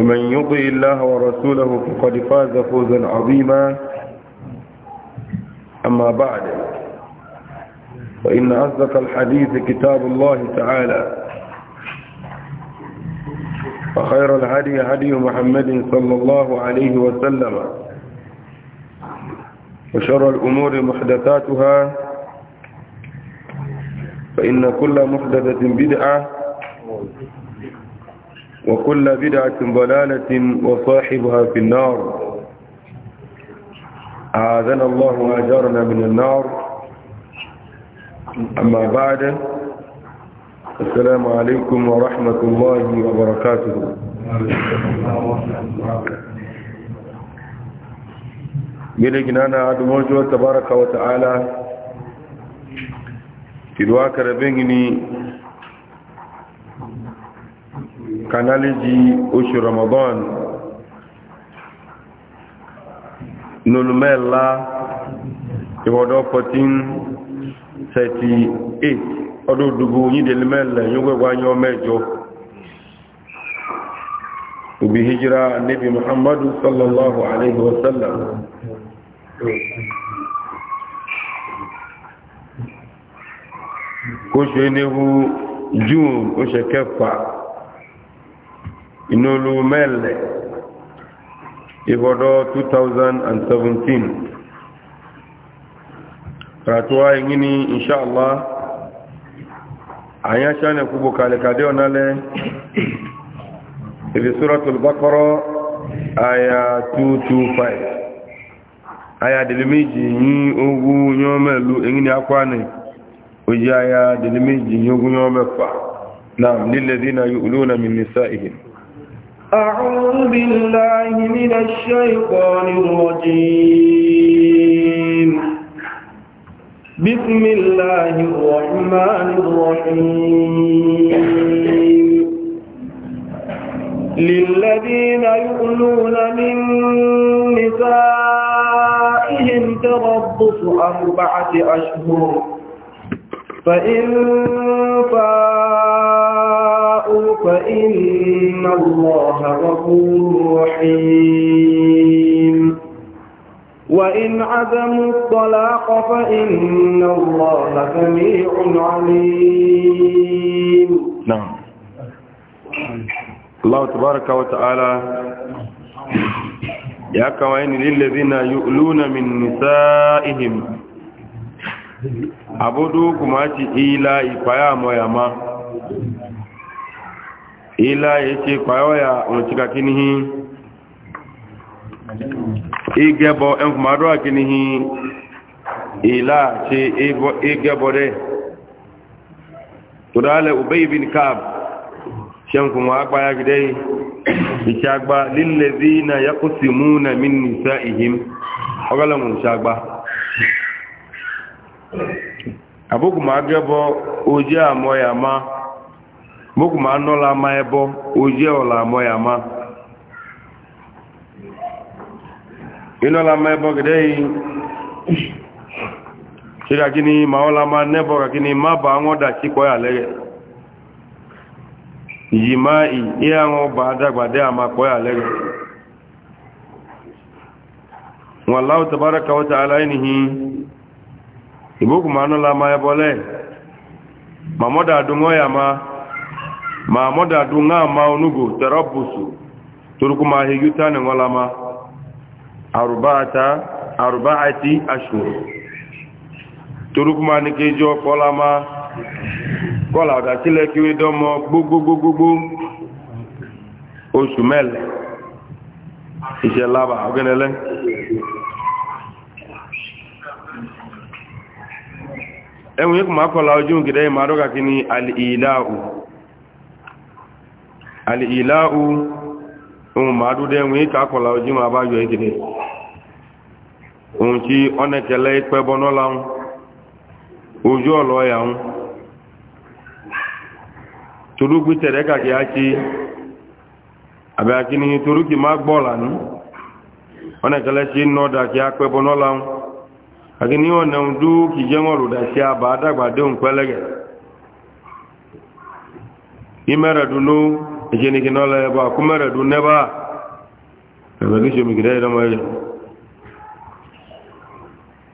ومن يطع الله ورسوله فقد فاز فوزا عظيما أما بعد فإن أصدق الحديث كتاب الله تعالى وخير الهدي هدي محمد صلى الله عليه وسلم وشر الأمور محدثاتها فإن كل محدثة بدعة وكل بدعة ضلالة وصاحبها في النار أعاذنا الله وأجارنا من النار أما بعد السلام عليكم ورحمة الله وبركاته بلغنانا عدو موجود تبارك وتعالى في الواقع بيني kanáléjì oṣù ramadan nolumẹ́la ìwọ̀dọ̀ 1438 ọdún òdúgbò yídẹ̀lẹ́mẹ́lẹ̀ yóò wáyọ mẹ́jọ òbí hijira níbi muhammadu sallallahu alaihi wasallam kó ṣe níhu june oṣù kẹfà 1438 inolu mele ihodo 2017 ratuwa yingini insha Allah anya shane kubo kale kade onale ili suratul baqara aya 225 aya delimeji yin ogu nyomelu yingini akwane oji aya delimeji yin ogu Nam نعم للذين يؤلون من نسائهم أعوذ بالله من الشيطان الرجيم بسم الله الرحمن الرحيم للذين يؤلون من نسائهم تربص أربعة أشهر فإن فاءوا فإن الله غفور رحيم وإن عزموا الطلاق فإن الله سميع عليم نعم الله تبارك وتعالى يا كوين للذين يؤلون من نسائهم abudu kuma ci ila ipaya moya ma ila ya ce kwayoya oncika kinihi igebo en kuma aduwa kinihi ila ce igebo de tudale ubay bin kab shan kuma agbaya gidai ìṣàgbà lílẹ̀ zina ya kùsìmúnà min nisa'ihim ọgọ́lọ̀mù ìṣàgbà abụghị ma abịabọ ojii amọ ya ma bụghị ma anọla ama ebọ ojii ọla amọ ya ma ịnọla ama ebọ gide yi chịka gịnị ma ọla ma nebọ ka gịnị ma bụ anwụda chịkpọ ya lege yi ma ihe anwụ bụ adagbade ama kpọ ya lege wallahu tabaraka wa ta'ala ainihi igbo ma anụla ma ma mọdụ ya ma ma ma onugbo terọbụsụ turukuma higuta na nwala ma arụbata arụbaati ashuru turukuma ni keji ọkpọla ma kọla ọdachile kiri dọmọ gbogbogbogbo oṣù mẹ́lẹ̀ ọgẹ́nẹ́lẹ́ enwe kuma akola ojú gida yi maruka kini al'ila'u al'ila'u ohun madu da enwe ka akola ojú ma ba yọ gida ohun tí ọna kẹlẹ ikpe bọnọla ojú ọlọ ya ń ma agini ọ̀nà ọdú kì jẹ́mọ̀ rùdà sí àbá dàgbàdé òun pẹ́lẹ́gẹ̀ ìmẹ́rẹ̀dúnú ìṣẹ́nìkì náà lẹ́yẹ̀bá kú mẹ́rẹ̀dún nẹ́bá ẹ̀mẹ́gíṣẹ́ òmìnira ìdánmọ́ yẹ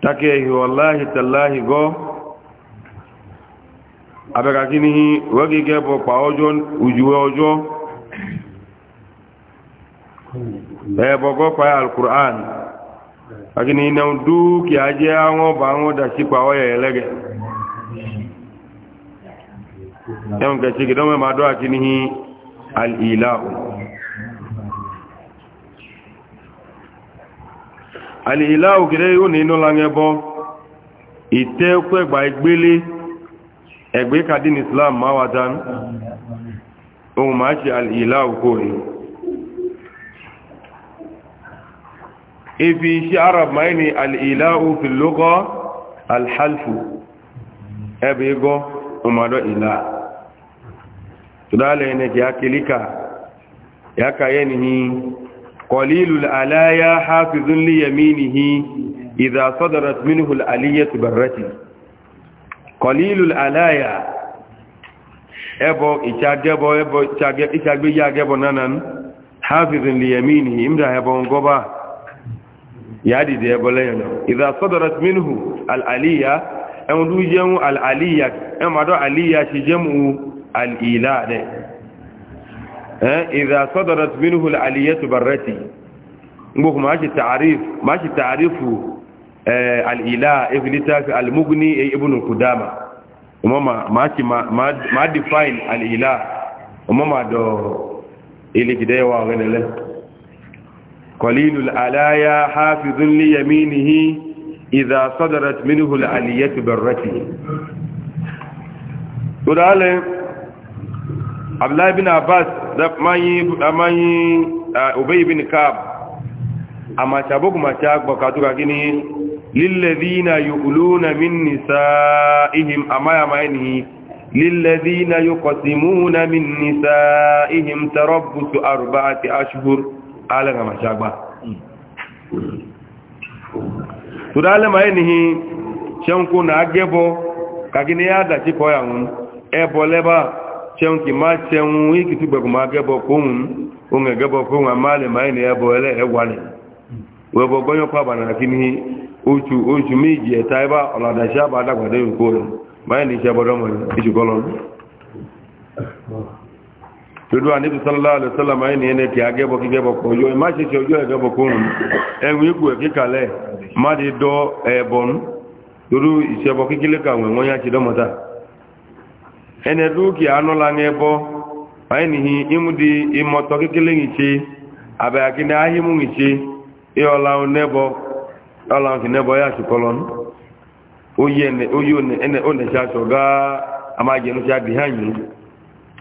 takẹ́ ìwọ̀láhì akini na duki aje awon ba awon da si pa oye elege yan ga ci gidan mai madu akini al ilahu al ilahu gire yo ni no lange bo ite ko egba igbele egbe kadin islam ma wadan o ma ci al ilahu ifi iṣẹ́ arab ma ní al'ilahu fi lókọ́ alhalfu ẹbẹ̀ igọ́ umaru ila tudalẹ̀ ne ki akilika ya kaye nihi kọlilul alaya hafizun liyaminihi idha sadarat minhu aliyatu barrati kọlilul alaya ẹbọ ìṣàgbéyà gẹbọ nanan hafizun liyaminihi imda ẹbọ ngọba yadi da ya balayan idza sadarat minhu al aliya an du jamu al aliya an ma do aliya shi jamu al ila de eh idza sadarat minhu al aliyatu barrati ngo kuma shi ta'rif ma shi ta'rifu eh, al ila ibn tafi al mughni eh, ibn qudama ma define al ila umma do ile gidewa قليل العلايا حافظ ليمينه إذا صدرت منه العلية برته ورالي عبد الله بن عباس ماي أبي بن كعب أما شابوك ما شاك بكاتوك للذين يؤلون من نسائهم أما يمينه للذين يقسمون من نسائهم تربص أربعة أشهر alẹ́ àmàṣàgbà tó dá alẹ́ màá nìyí ṣẹ́nkú náà gẹ́bọ kàkí ní àdàtí kọ́ àwọn ẹbọ lẹ́bà ṣẹ́nkì máa ṣẹ́hun ìkìtú gbẹ̀gùn máa gẹ́bọ kóhun ohun ẹ̀gẹ́bọ kóhun àmàlẹ̀ màá nìyí ẹbọ ẹlẹ́ ẹwàlẹ̀ wẹ́bọ gbọ́nyọ́kọ́ àbànà kí ní oṣù oṣù méjì ẹ̀ta ẹbá todo anibi sallallahu alaihi wasallam ayi ni ene ti agebo ki gebo ko yo ma se se ojo egebo ko run ewi ku e ki kale ma de do ebon duru ise ki won ya ti do mota ene du ki anu la bo imudi imoto ki kile ni chi ya ti kolon ga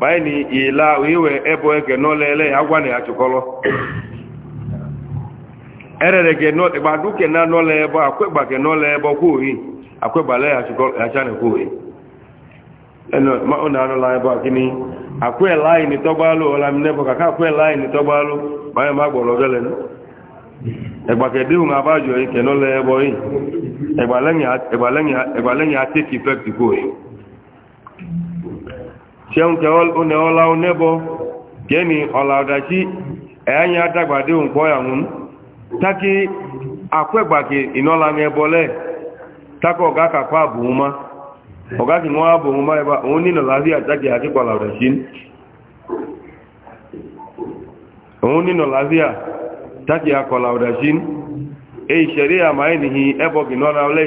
báyìí ni ìlà ìwé ẹbọ ẹgẹ náà lẹ́lẹ́ agwà ní àtúkọ́lọ́ ẹrẹ̀rẹ̀gẹ̀ náà ìgbàdúkẹ̀ náà náà lẹ́ẹbọ àkwẹ́gbàkẹ̀ náà lẹ́ẹbọ kóòrí àkwẹ́gbàlẹ́ àtúkọ́lọ́ kóòrí ẹnu ọ̀nà àlọ́lá ẹbọ àkíní àkwẹ́ láì ní ṣeunke one ọla onebo geni ọla ọdachi ẹ̀yìn adágbàdé òǹkọ́ ọ̀yàwó tákí akwẹ́gbàkì ìnọ́la ní ẹbọlẹ̀ tákọ̀ ọ̀gá kàkọ́ àbòhúnmá ọ̀gá kì wọ́n àbòhúnmá ẹba òun nínà láti àjákì àkíkọ̀lá ọ̀dàṣí òun nínà láti àjákì àkọ̀lá ọ̀dàṣí èyí ṣẹ̀rí àmáyìnìhì ẹbọ̀kì nọ́ra ọlẹ́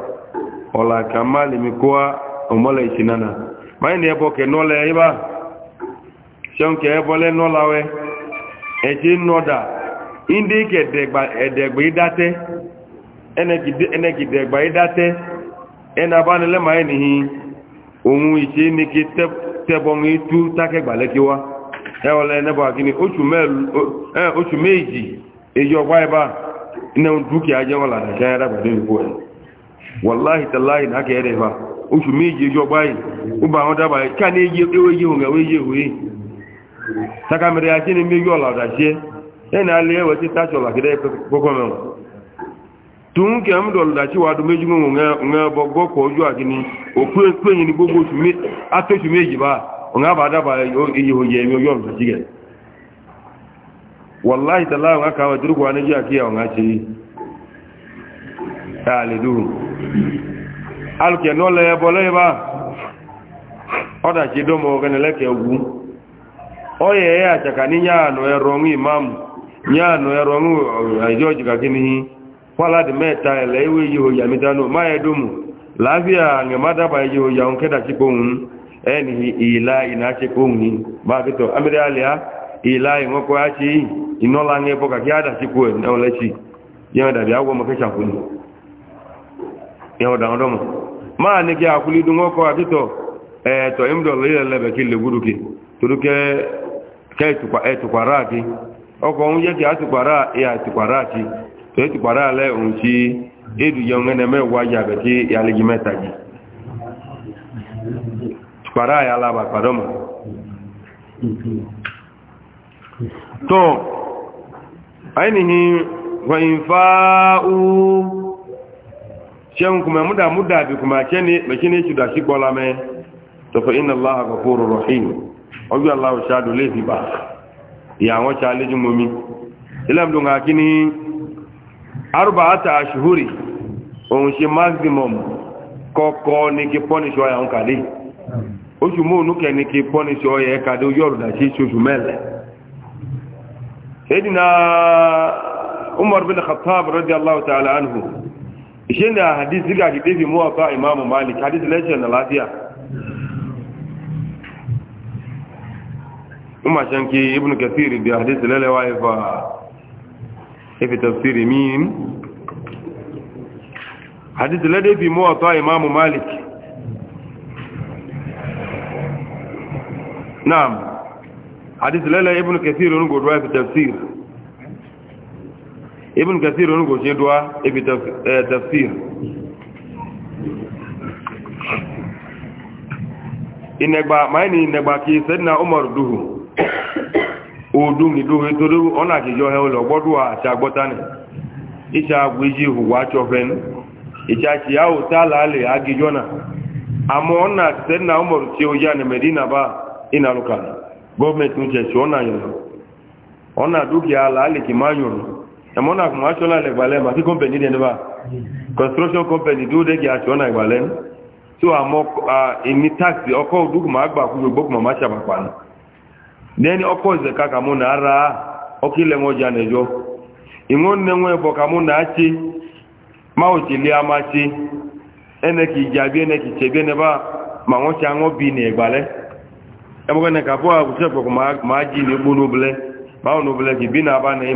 ọla ka mali mi kó ma ọmọlẹ̀ na nana máa ní ẹbọ kẹ nọ́lẹ̀ ibá ṣeun kẹ ẹbọlẹ̀ nọ́láwẹ́ ẹ̀ṣẹ́ nọ́dà indi kẹ ẹ̀dẹ̀gbẹ̀ ìdátẹ́ ẹnẹ́kì dẹ̀gbẹ̀ ìdátẹ́ ẹnà abánilẹ́ máa nìyí ohun ìṣẹ́ ní kí tẹ́bọ̀n tú tákẹ́gbàlẹ́ oṣù méjì èyí dúkìá wọn làdàkẹ́ ìbò wallahi tallahi na haka yare ba oṣù méje ẹjọ́ báyìí ó bá wọn dábàá ká ní ewé yé òun ẹ̀wé yé òwe takamẹ̀rẹ̀ ajé ni méjì ọ̀là ọ̀dàṣẹ́ ẹ̀nà alẹ́ ẹ̀wẹ̀ tí táṣọ làkẹ́dẹ́ kọ́kọ́ mẹ́wọ̀n tún kẹ́ ń dọ̀lù dàṣẹ́ dùn méjì ń bọ̀ gọ́kọ̀ ojú àkíní òkú ní gbogbo atóṣù méjì bá òun bá dábàá àlèdúró alùkẹ̀ẹ́nú ọlẹ́ ẹbọ lẹ́yìnbá ọ̀dàjì dọ́mọ̀ ọ̀gẹ́nẹ̀lẹ́kẹ̀ ogun ọyẹ̀ ẹ̀ àjàkà ní yáànù ẹ̀rọ ń ìmáàmù yáànù ẹ̀rọ ń àìjọ́ ìjìká kí ni fọ́ládì mẹ́ta ẹ̀lẹ́ ìwé yìí òyà mítánù máyẹ̀dọ́mù láàfíà àgbẹ̀mádàbà yìí òyà òun kẹ́dà sí pohùn ẹni ìlà ìnáṣẹ́ pohùn ni bá kìtọ̀ amẹ́rẹ́ àlẹ́á ìlà ìwọ́kọ̀ á ṣe ìnọ́lá ń ẹbọ kàkí àdàsípò ẹ̀ yawo da ndomo ma ne ke akuli dungo ko abito eh to imdo le turuke tu etu raki oko atu ra ya atu kwa raki to etu kwa ra le edu ya be ki ya ra ya to ainihi wa infa'u shan kuma muda muda bi kuma ke ne maki ne da shi bola mai to fa inna allah ghafurur rahim allah shadu le fi ba ya won cha le jumomi ilam dun ga kini arba'ata ashhuri on shi maximum koko ni ki punish mo nu ki o ka yoru da ta'ala anhu ishe da hadisi ga gidefi muwa ba imamu malik hadisi lashe na lafiya kuma shanki ibn kathiri da hadisi lalewa ifa ifi tafsiri min hadisi ladefi muwa ba imamu malik na'am hadisi lalewa ibn kathiri rungu ruwa ifi tafsiri ibn kasir onugo ṣe dúwá ibi tafsir e, inegba maini inegba ki sẹ́dínà umar duhu odun ni duhu torí ọ̀nà àkìjọ ẹ̀ olè ọgbọ́dúwà àti agbọ́tánì iṣẹ́ agbèjì ìhùwà chọfẹ́n ìṣẹ́ àti yàwó tààlà alẹ́ àkìjọ náà àmọ́ ọ̀nà sẹ́dínà umar tí ó yà ní medina bá ìnàlùkà gọ́ọ̀mẹ̀tì ń ṣẹ̀ṣọ́ ọ̀nà yọ̀nà ọ̀nà dúkìá alẹ́ àlè kì ẹmọ náà kùnmọ́ aṣọ́lá ẹgbàlẹ́ ma kí kọ́mpẹ̀ní ní ẹnubá construction company dúró dẹ́gẹ̀ aṣọ́ náà ẹgbàlẹ́ tí wà mọ́ ìní taxi ọkọ̀ òdúkùnmọ́ àgbà kú gbogbo kùnmọ́ máa ṣàpàpà ní dẹ́ni ọkọ̀ ìzẹ̀ká kàmú náà ra ọkí lẹ́wọ̀n ọjà nẹjọ́ ìwọ́n nẹ́wọ̀n ẹ̀bọ̀ kàmú náà ṣe máa òṣè lé a máa ṣe ẹnẹ kì bí ẹnẹ kì í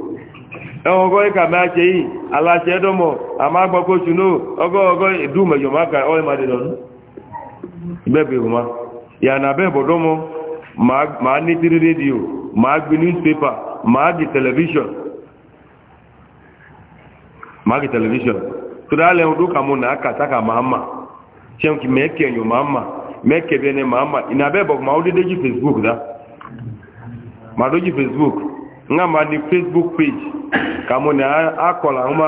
ẹwọ́gọ́ ìkà máa ṣe yìí aláṣẹ ẹdọ́mọ̀ àmágbọ́kó ṣùnú ọgọ́ọgọ́ ìdúmẹ̀yọ̀ máa ka ọ́ ìmàdé lọ́nú ìbẹ́bẹ̀ ìhùnmá ma bẹ́ẹ̀bọ̀dọ́mọ́ redio ma agbi rédíò ma gbé newspaper ma di television máa di television tó dálẹ̀ ma nga ma di facebook page kamo ne akɔla ŋma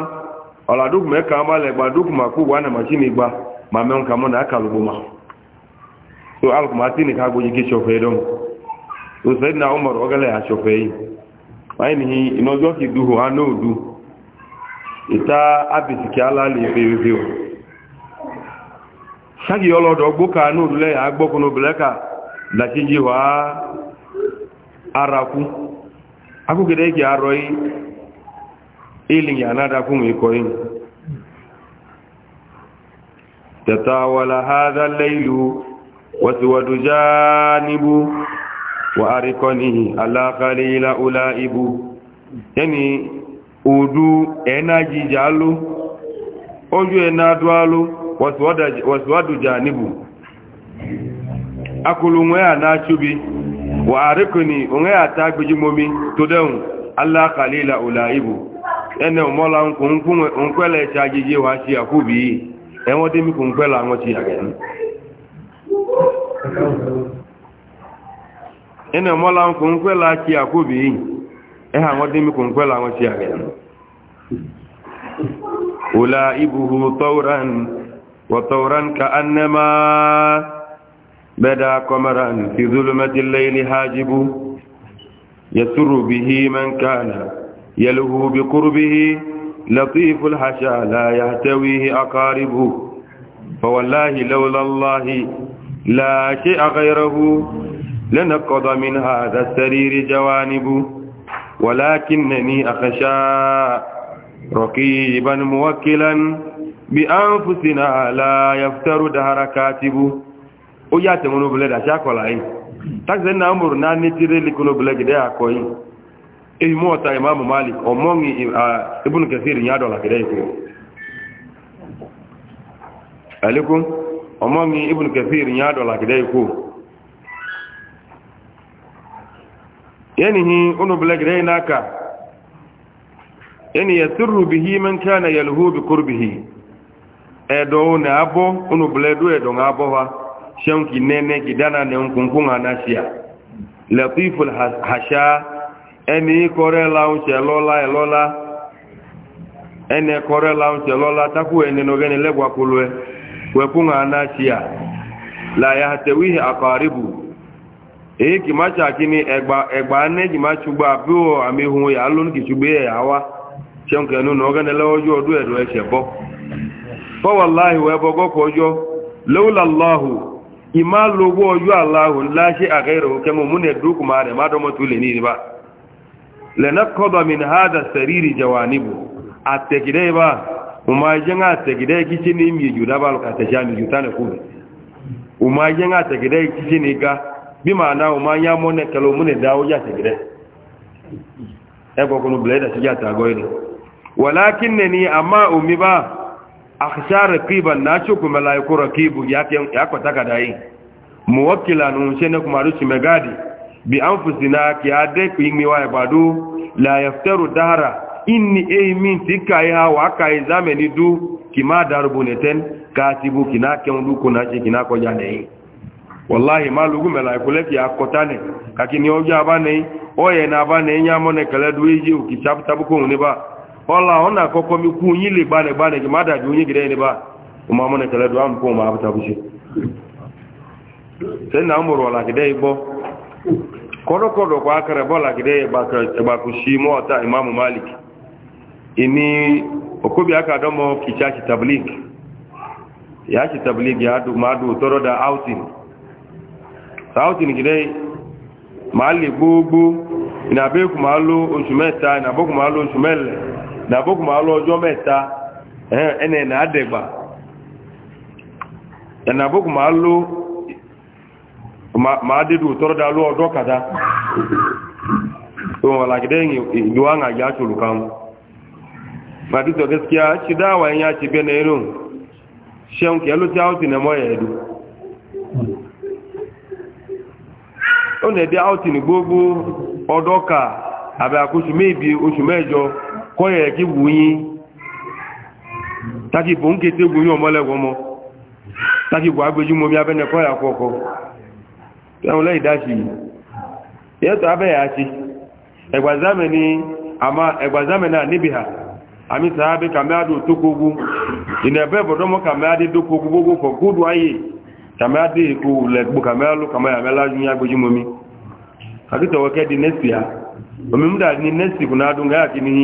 ɔla duku mɛ kama lɛ gba duku ma ko wa na machine gba ma mɛ kamo ne aka lobo ma so alu kuma ti ne ka gbɔdzi ke sɔfɛ dɔn so na ɔmɔ ɔgɛ lɛ asɔfɛ yi ayi ni inɔjɔ si du ho anɔ du ita abisiki ala e e le pepepe o sagi ɔlɔdɔ gbɔ ka anɔ du lɛ agbɔ kɔnɔ bilɛ ka dati dzi hɔ araku akụkere eji arọ ili ya anadakwu nwe ikoi tatawala hadha lailu wasiwadu janibu wa arikonihi ala qalila ulaibu yani udu enaji jalu oju enadu alu wasiwadu janibu akulu nwe anachubi wa arikuni unge ata gbiji momi to dehun allah kalila ulaibu ene mola nkun nkwele ti ajije wa si akubi ewon demi kun kwela awon ti ageni ene mola nkun kwela ti akubi e ha awon demi kun kwela awon ti ageni ulaibuhu tawran wa tawran ka annama بدا قمرا في ظلمة الليل حاجب يسر به من كان يلهو بقربه لطيف الحشا لا يهتويه أقارب فوالله لولا الله لا شيء غيره لنقض من هذا السرير جوانب ولكنني أخشى رقيبا موكلا بأنفسنا لا يفتر دهر كاتب ó yá àtẹ̀wọn obìnrin dàṣí àkọlà yìí táxi náà ń bòrò náà ní tíre líkun obìnrin gẹ̀dẹ́ àkọ yìí èyí mú ọ̀tá ìmáàmù malik ọmọ́nì ibùn kẹfìrì yá dọ̀là gẹ̀dẹ́ ìkó àlékún ọmọ́nì ibùn kẹfìrì gẹ̀dẹ́ ìkó yẹnihi n'aka yẹni yẹ sírù bìhí mẹ́ńkánà yẹ lùhú bìkúrú bìhí ẹ̀dọ̀ ọ̀nà abọ́ onobìnrin wa. shanki nene gidana ne nkunkun anasia latiful hasha eni kore laun se lọla elola lola ene kore laun se lola taku ene no gene legwa kulwe wekun anasia la yahtawihi aqaribu e kimacha kini egba egba ne kimachugba bio amihun ya lonu kichugbe awa shanki enu no gene lewojo odu edo esebo ima logo ojú aláhù láṣẹ àgẹ́rẹ̀ òkè mọ̀ múnẹ̀ dúkù máa rẹ̀ má dọ́mọ́ tó lè ní ìrìbá lẹ́nà kọ́bà min hádà sẹ̀rírì jẹwà níbò àtẹ̀kìdẹ́ ibá mo máa jẹ́ ń àtẹ̀kìdẹ́ kíṣe ní ìmì ìjò dábàlù kàtẹ̀ṣà ní ìjò tánẹ̀ kúrò mo máa jẹ́ ń mo máa yá mọ́ ní kẹlẹ́ múnẹ̀ dá ó yàtẹ̀kìdẹ́ ẹ gbọ́kùnrin bìlẹ̀ dàṣíjà tàgọ́ ilẹ̀ wàlákìnnẹ̀ ni àmá akhsha raqiban na ci ku malaiku raqibu ya ya kwata ka dai muwakkila nun shene kuma ruci megadi bi anfusina ki ade ku imi wa ibadu la yaftaru dahra inni ay min tikai ha wa kai zamani du kima darbu neten katibu kina ken du kuna ci kina ko ja dai wallahi malugu malaiku le ki akotane kakini oja bane oye na bane nyamo ne kala du yi ki ko ne ba ọla ọ koko akọkọ m ikwu onye ile gbana gbana gị mmadụ abịa onye gire n'ebe a ma mụ na-ekele dụ amụkpọ ma abụtabuchi sị na m mụrụ ọlagide igbo kọdọkọdọ kwa akara ba ọlagide ịgbakushi mụ ọta imam malik ini okobi aka adọmọ kicha chitablik ya chitablik ya adụ ma adụ tọrọ da outing. sautin gide ma ali gbogbo ina abekwu ma alụ oṣù mẹta ina abokwu ma alụ oṣù mẹlẹ nàbókùn máa lọ ọjọ́ mẹ́ta ẹnẹ ẹ̀nà àdẹ̀gbà ẹ̀nàbókùn máa lọ máa dédù tọ́rọ̀dá lọ ọdọ́ kàtá tó wọ́n làgídẹ́ ìlúwà ń àjá ṣòlù kan màdútọ̀ gẹ́sìkíá ṣe dáwà ẹ̀yà ṣe bẹ́ẹ̀ ti nẹ̀mọ́ ẹ̀ẹ́dù àbẹ̀ àkóṣù méèbí oṣù mẹ́jọ kọ́yẹ̀ kí wùnyín tàbí bò ń kété wùnyín ọmọlẹ́wọ́ mọ́ tàbí bò agbéjúmọ́ bí abẹ́nẹ kọ́yà kọ́kọ́ ẹ̀wọ̀n lẹ́yìn dáṣì yẹ́tọ̀ abẹ́yà àti ẹgbàzámẹ́nà níbi ha àmì sàábé kàmẹ́àdù tó kogú ìnẹ̀bẹ́ bọ̀dọ́mọ́ kàmẹ́àdì tó ha ni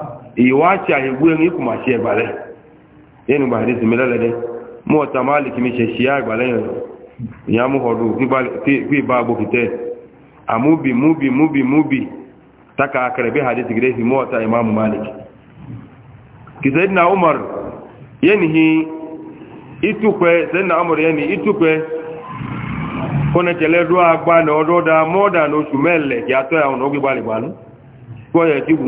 ìwáṣà ìwé ní kùmà ṣe ẹgbàlẹ̀ inú gbà ní sinmi lẹ́lẹ́dẹ́ mú ọ̀tà máa lè kí mi ṣe ṣe àgbàlẹ̀ yẹn ìyá mú ọdún fí taka akẹrẹ bí hadith gidẹ fi mú ọ̀tà ìmáàmù umar yẹn hi ìtúpẹ́ sẹ́dina umar yẹn ni ìtúpẹ́ kọ́nẹ̀kẹ̀lẹ́ dúró agbá ní ọdọ́dá mọ́ọ̀dà ní oṣù mẹ́lẹ̀ kí atọ́ àwọn ọgbẹ́gbàlẹ̀ gbà ní kọ́ yẹ ti wù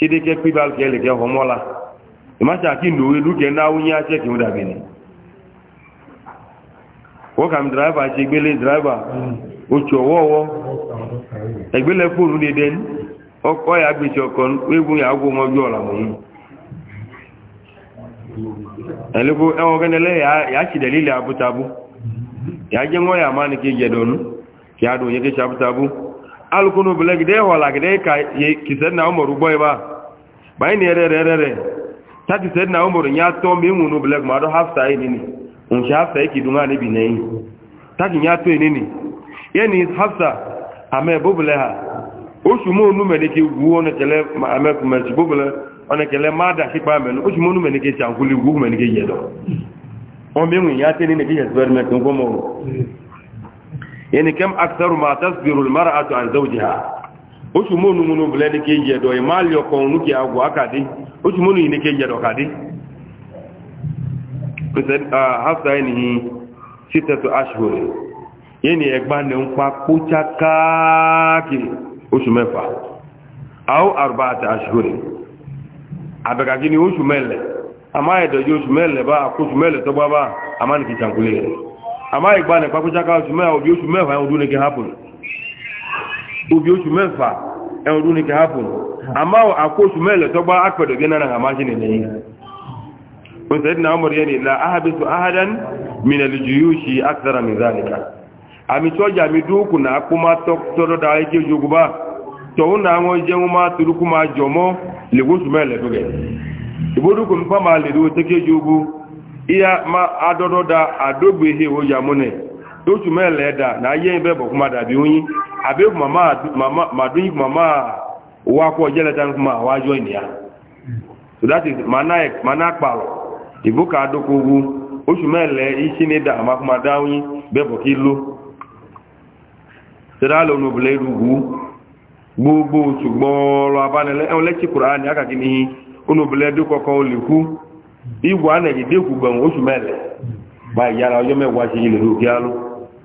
chidike kpiba nke eleke hụmọla ịmacha aki na uwe hmm. e luke e e na awụnye ache ka ụdabini wọ́kàm dìráìvà ṣe gbélé dìráìvà oṣù ọwọ́ọwọ́ ẹgbẹ́lẹ̀ na dédé ọkọ̀ ya gbèsè ya agbó wọn bí ọ̀là wọ̀nyí ẹ̀lẹ́gbó ẹwọ́n gẹ́nẹ́lẹ́ yà báyìí ni na rẹ rẹ rẹ tàbí sẹ́dínà ọmọrò yẹn atọ́ mẹ́wùn ní obìnrin ma dọ́ hafsa yìí nínú òǹṣẹ́ hafsa yìí kìdùn náà níbi nẹ́yìn ya ni hafsa ha o mọ́ onú mẹ́lẹ́kẹ́ wú ọ̀nẹ́kẹ́lẹ́ àmẹ́kùnmẹ́sì bóbulẹ̀ ọ̀nẹ́kẹ́lẹ́ má dà sípa mẹ́lẹ́ oṣù mọ́ onú mẹ́lẹ́kẹ́ sàǹkúlẹ̀ wú mẹ́lẹ́kẹ́ yẹ lọ wọn mẹ́wùn yẹn oṣù mọ́nu múnú bẹ̀lẹ́ ní kí jẹ́dọ̀ ìmá lè ọkọ̀ òun kí àgbò ákàdé oṣù mọ́nu yìí ní kí jẹ́dọ̀ kàdé hafta yìí ni sítẹ̀tù ashwell yìí ni ẹgbà ní ń pa kúchá káàkiri oṣù mẹ́fà àwọ́ àrùbá àti ashwell àbẹ̀kàkí ni oṣù mẹ́lẹ̀ àmá ẹ̀dọ̀jú oṣù mẹ́lẹ̀ bá oṣù mẹ́lẹ̀ tọ́gbá bá àmá nìkì jàǹkulẹ̀ àmá ìgbà ní pa kúchá káàkiri oṣù mẹ́fà ọdún ní kí hápùnù obi oṣù mẹ́fà ẹ̀rùn ní kẹ́hàfùn àmá àkó oṣù mẹ́lẹ̀ tọ́gbá akọ̀dọ̀ gẹ́ náà àmáṣí nìyẹn yìí òṣèlú náà mọ̀rẹ̀ yẹn la ahabisu ahadan minal juyushi akthara min zalika àmì sọ́jà mi dúkù náà kó má tọ́rọ́ da ayé kéjì ogun bá tọ́hún náà wọ́n jẹ́ wọn nípa má lè dúró tẹ́kéjì ogun iya ma adọ́dọ́ da àdógbè he múnẹ̀ otu mele da na ihe ebe bụ kuma bi onyi abe ma dunyi kuma ma uwe akwọ jeleta kuma awa join ya so that is ma na e, akpalụ ibu ka adụkwa ugwu otu mele isi na ịda ma kuma da onyi bebụ ka ilu sirala onu obula eru ugwu gbogbo otu gbọọrọ abanile enwelechi kwuru anya aka gị n'ihi onu obula edukọkọ olikwu igwe a na-egide kwugbanwe otu mele ma iyara ọjọ mẹwàá ṣe ilẹ̀ lókè alú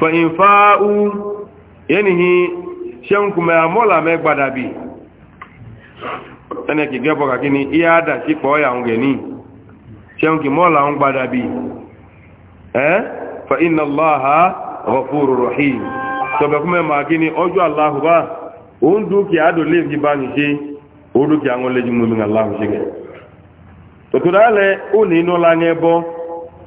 fẹ̀yìn fááú yẹ́nìhì ṣẹ́nkùnmẹ́ àmọ́là mẹ́gbàdàbì ẹnẹ́kì gẹ́bọ̀ kàkí ni iye àdà sí pọ̀ọ́yà ń gẹ̀ní ṣẹ́nkì mọ́là ń gbàdàbì ẹ́ fẹ̀yìn aláha ọ̀fúrù rọ̀hì sọ̀bẹ̀kúnmẹ́ máa kí ni ọjọ́ aláhùbá ó ń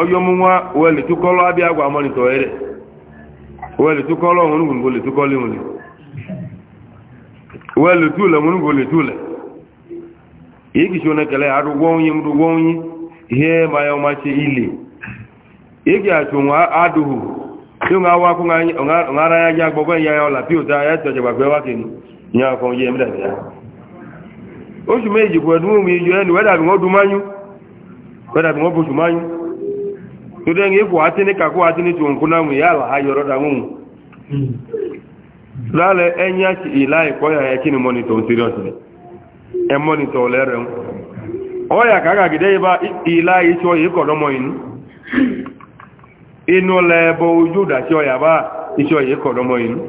ọyọmụnwa wee letụkọlọ abịa agwa mọnịtọ ere wee letụkọlọ onwunugbo letụkọlọ nwere wee letụle onekele onye mrụgwọ onye ihe ma ya ọmachi nwa adụghụ nwa awa akwụ ṅara ya gị agbọgwọ ya ya ọla pịa ụta ya tọjagba gbe wakenu ya ọkọ onye mdada ya oṣù méjì pẹ̀lú omi to den ye atini ka ko atini tun kuna mu yala ha yoro da mu hmm. lale enya ti ilai ko ya yakini monitor seriously e monitor lere o ya ka ga gide ba ilai so yi ko domo inu inu le bo oju da ti ya ba iso yi ko domo inu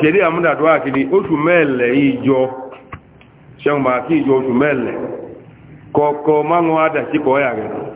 seri amuda do akini oṣù mele ijo seun ba ki ijo oṣù mele koko mangwa da ti ko ya gbe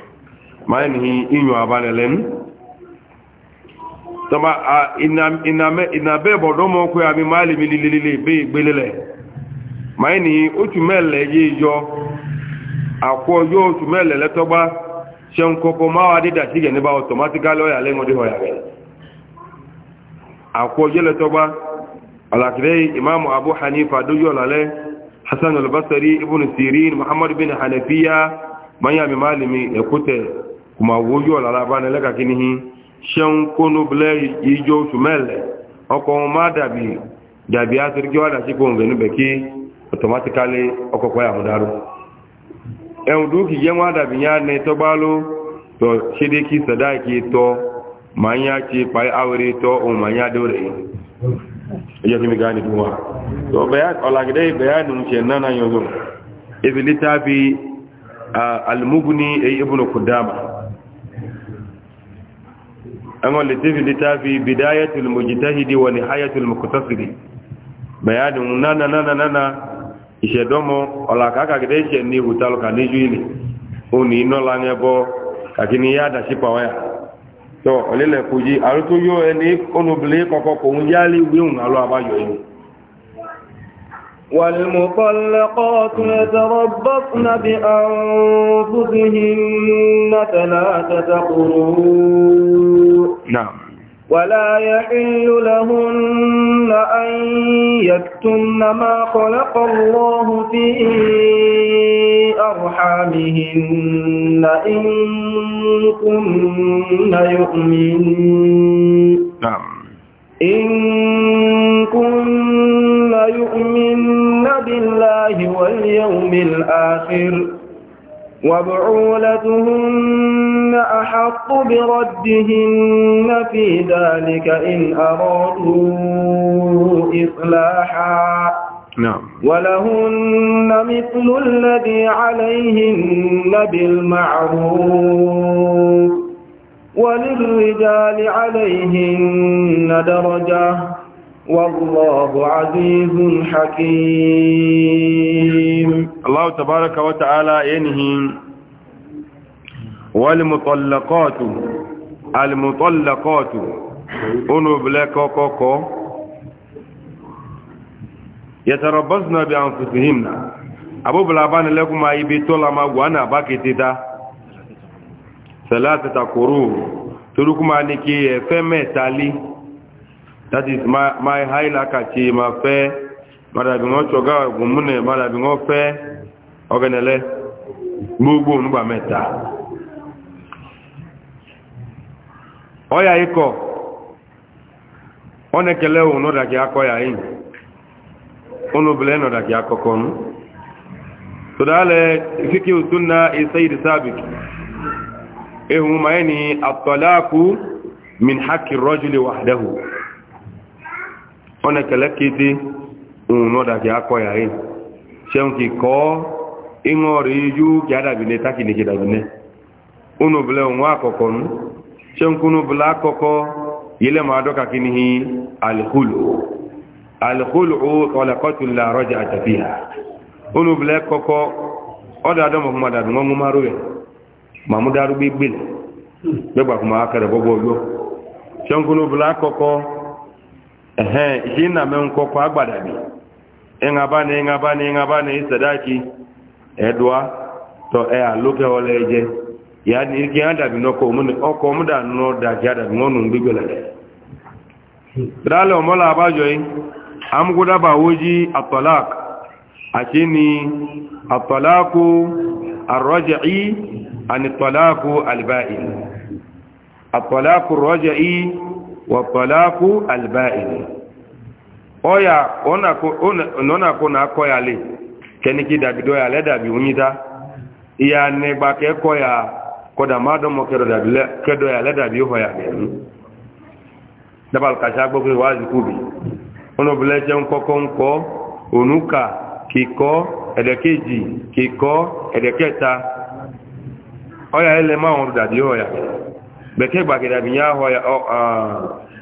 máa inyo iyùn àbánilẹ́nu tọba ìnàbẹ́bọ̀dọ́mọ́ kó àmì máa lè mi lílelele bí ìgbélélẹ̀ máa ní oṣù mẹ́lẹ̀ yé yọ àkọ́ yóò oṣù mẹ́lẹ̀ lẹ́tọ́gbá ṣe ń kọ́kọ́ máa wá dídà sí ìyẹn níbà ọ̀tọ̀mátíkálẹ̀ ọ̀yà lẹ́ngọdé ọ̀yà rẹ̀ àkọ́ yẹ́ lẹ́tọ́gbá alàkìrẹ́ abu hanifa dójú ọ̀làlẹ́ hassan albasari ibn sirin muhammad bin hanafiya mayami mi ẹ̀kútẹ̀ kuma wojú ọ̀lára bá nílẹ́ kàkíní hí ṣe ń kónú bilẹ̀ ìjọ oṣù mẹ́lẹ̀ ọkọ̀ wọn má dàbí dàbí àtìríkí wà dàṣí kó ǹgẹ̀ níbẹ̀ kí automatically ọkọ̀ pẹ́ àmúdáró ẹ̀hùn dúkì jẹ́ wọn dàbí yá ló ṣédé kí sẹ̀dá kí tọ́ màá yá ti parí àwẹ̀rẹ̀ tọ́ màá yá dé an littafi littafi bidayatul mujtahidi wa nihayatul muqtasidi bayanin nana nana nana isedomo ola kaka gede ise ni hutalo ka ni juili oni ino la ngebo kakini ya da sipa waya to olele kuji aruto yo eni onu bile kokoko un yali wiun alo والمطلقات يتربصن بأنفسهن ثلاثة قروء نعم ولا يحل لهن أن يكتن ما خلق الله في أرحامهن إن كن يؤمن نعم إن كن يؤمن بالله واليوم الآخر وبعولتهن أحق بردهن في ذلك إن أرادوا إصلاحا نعم ولهن مثل الذي عليهن بالمعروف وللرجال عليهن درجة والله عزيز حكيم الله تبارك وتعالى ينهي والمطلقات المطلقات انو بلاكوكوكو يتربصن بانفسهن ابو بلابان لكم اي بيتولا ما وانا باكي باكيتا ثلاثه قروء تلكم انكي فمتالي that is my my haila kachi ma fe mara bi won choga mune mara bi won fe ogenele gbogbo nugba meta oya iko one kele uno da ki akoya yin uno bele no da ki akokon to dale fiki sunna e sayyid sabik ehun maeni at-talaqu min haqqi ar-rajuli wahdahu ọ na-ekele ka ịdị ụnọdaghị akọ ya ị chenki kọọ ịṅụ ọrụ iju ka adabine taki na kedabine unubele onwe akọkọ nụ chenki unubele akọkọ yile ma adọ kakini hi alhulu alhulu kọlakọtun la rọja atafi ha unubele kọkọ ọdọ adọ mọkụ mmadụ adọ ngọngụ marụ ya ma mụ darụ gbegbe gbegbakwụ ma akara bọbọ yọ chenki unubele akọkọ ehe ihe na me nkwọkwa agbadabi ịṅaba na ịṅaba na ịṅaba na isadaki edua to e aloke ole eje ya ni ke adabi no ko mu o ko mu da no da ja da ngonu ngbigole dale o mola abajo yi am guda ba woji at-talaq atini at-talaq ar-raj'i an at wọ̀pọ̀láàkú àlìbáìní ọ̀yà ọ̀nàkó náà kọ́yà lè kẹ́nìkì dàbí dọ́yà lẹ́dàbí oníta ìyá nígbà kẹ́kọ́yà kọ́dà má dọ́mọ kẹ́dọ̀yà lẹ́dàbí ọ̀yà gẹ̀ẹ́nu dábàlù kàṣà gbọ́gbẹ́ wá zikú bi ọ̀nàbìlẹ̀ jẹun kọ́kọ́ ń kọ́ ònúkà kíkọ́ ẹ̀dẹ̀kejì kíkọ́ ẹ̀dẹ̀kẹta ọ̀yà ẹlẹ́máwọn dàbí ọ̀yà bẹ̀kẹ́ gbàgẹ̀dàbí yá ọ̀yà ọ̀hàn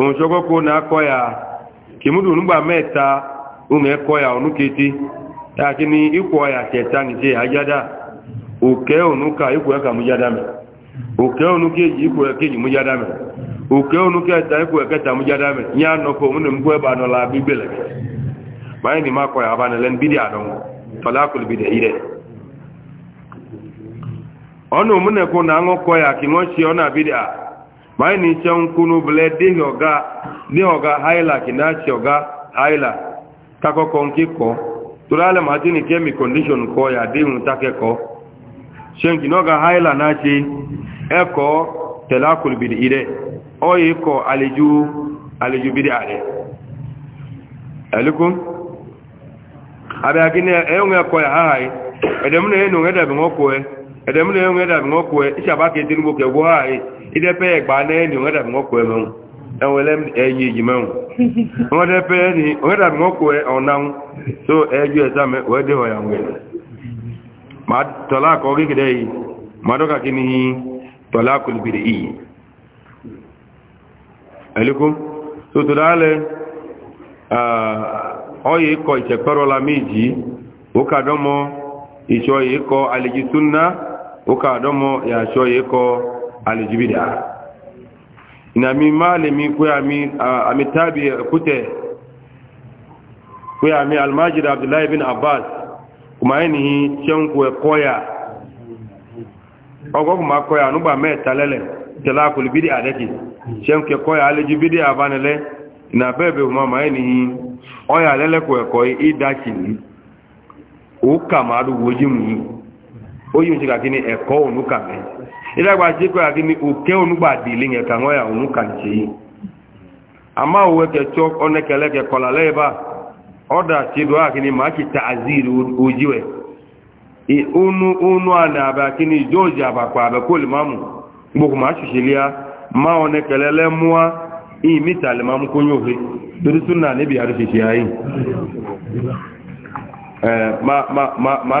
òun ṣọ́gbọ́ kó na kọ́ ya kìmúdù nígbà mẹ́ta òun ẹ̀kọ́ ya òun kété ní ipò ọ̀yà kẹta nìṣẹ́ àjádá òkè ònúkà ipò ẹ̀kà mú jádá ònúkéjì ipò ẹ̀kejì mú jádá ònúkẹta ipò ẹ̀kẹta ní òun kọ́ ya na kí wọ́n ṣe ma anyị na-eche nkwụ n'obele dịghị ọga dịghị ọga haịla ka na-achị ọga haịla kakọkọ nke kọ tụrụ ala ma dị n'ike mi kọndishọn kọ ya dịghị ntakị kọ shenki n'ọga haịla na-achị ẹkọ e tẹlẹ akụlubiri ire ọyị kọ aliju aliju biri ale ẹlikun e abịa gị na enwe ẹkọ ya ha haị e ẹdẹm na enwe ẹdẹbi nwoke ẹdẹm na enwe ẹdẹbi nwoke ịchaba ka etinugbo ka egwu ha haị idepe egba na eni onwe dabi ngoko emewu enwele enyi iji mewu onwe pe eni onwe dabi ngoko ọnawu so eju ẹsa wee ọya nwe ma tọla akọ gịgide yi ma dọka gị n'ihi tọla akụlibiri iyi eliku so tụrụ alẹ ọyị ịkọ ichekpere la ụka dọmọ ichọ ịkọ ya achọ alijibida na mi ya ami tabi kute kuya mi almajid abdullahi bin abbas kuma yanihi shan kuwa e koya ọgọ́ kuma koya nugba mẹ́ta lẹ́lẹ̀ tẹ́lá kùlù bídí àdẹ́kì shan kuwa e koya aliji bídí na bebe kuma ma yanihi ọya lẹ́lẹ́kùwa kọ́ ìdákì ní ó kà máa dùgbò jí oyi yi ka kini ni onu onuka mɛ idagba tse ko ya oke onu gba di li ŋɛ ka ŋɔ ya onu ka tse yi ama owe kɛtsɔ ɔnɛkɛlɛ kɛ kɔla lɛ ba ɔda tse do ya kini ma tsi ta aziri oji wɛ e onu a na abe akini dzodzi abakpa abe ma tsitsi lia ma mua iyi mita limamu ko nyo he torí sunna ne bi ari ma ma ma ma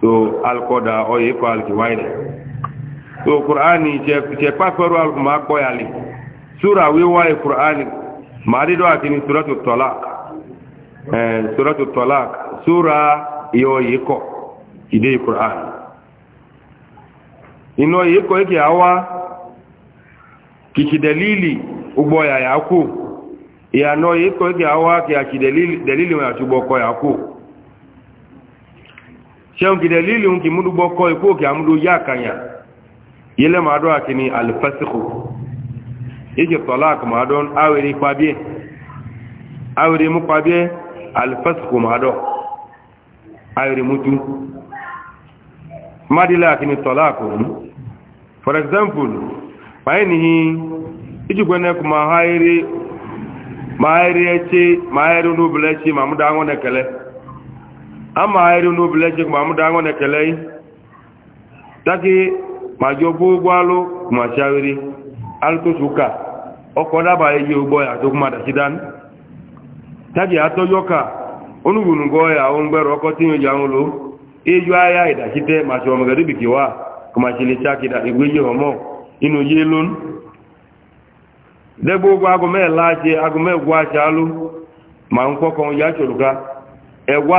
so alkoda oye ko alkiwaire so qur'ani je je paperu al ma ko yali sura wi wa qur'ani mari do akini suratu talaq eh suratu talaq sura yo yiko ide qur'an ino yiko yake awa kichi dalili uboya yako ya no yiko yake awa ki dalili dalili wa chubo ko yaku shan ki dalilin ki mudu bo koy ko ki amudu ya kanya yele ma do akini al fasikhu yake talak ma don awri kwabiye awri mu kwabiye al fasikhu ma do awri mutu madila akini talak for example bayanihi iji gwene kuma hairi ma hairi ce ma hairi nubule ce ma mu da ngone kale ama ma n'obele jik ma mụda anwụ na-ekele taki ma ji ogbo ụgbọ alụ ma chiawiri alụtotu ụka ọkọ daba eji ụgbọ ya atụ kuma dachidan taki atọjọ ka onugbunu gọ ya ahụ mgbere ọkọ tinye ji anwụlụ eju ahịa idachite ma chọrọ megadu bikiwa ma chilicha kida igwe inu ji alụ ma nkwọkọ ya chọrọ ka ẹwà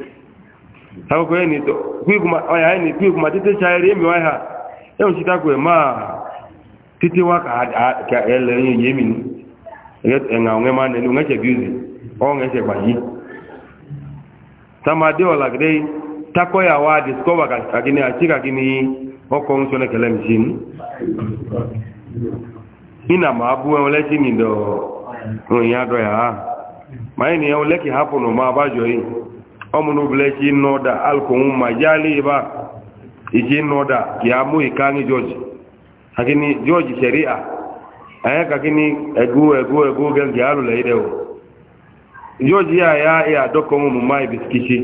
akoko yɛ ni tɔ kuyikuma ɔya yɛ ni kuyikuma tete tsa yɛri wa yɛ ha ɛwɔ si takoe maa tete wa ka a ka ɛlɛ yɛ yɛ mi nu ɛgɛ ɛŋa ŋɛ ma nɛni ŋɛ tsɛ biuzi wa discover kakini ati kakini ɔkɔ ŋusɔ ne kɛlɛ ina ma abu ɛwɔ lɛ ti ni dɔ ɔyìn ya ha maa yɛ ni ɛwɔ lɛ ma a ba jɔ ọmụnụ bụla echi nọda alkohol ma yali ịba ichi nọda ka ya mụ ike anyị jọji akini jọji sheria anyị ka kini egu egu egu ge nke alụla ide o jọji ya ya ya dọkọ ụmụ ma ibiskichi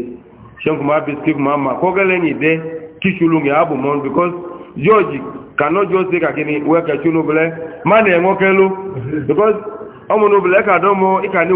shenku ma biski ma ma kọgele ni de kishulu nge abụ mọn bikos jọji cannot just say kakini weke chunu bụla ma na-enwokelu bikos ọmụnụ bụla ka dọmụ ịka na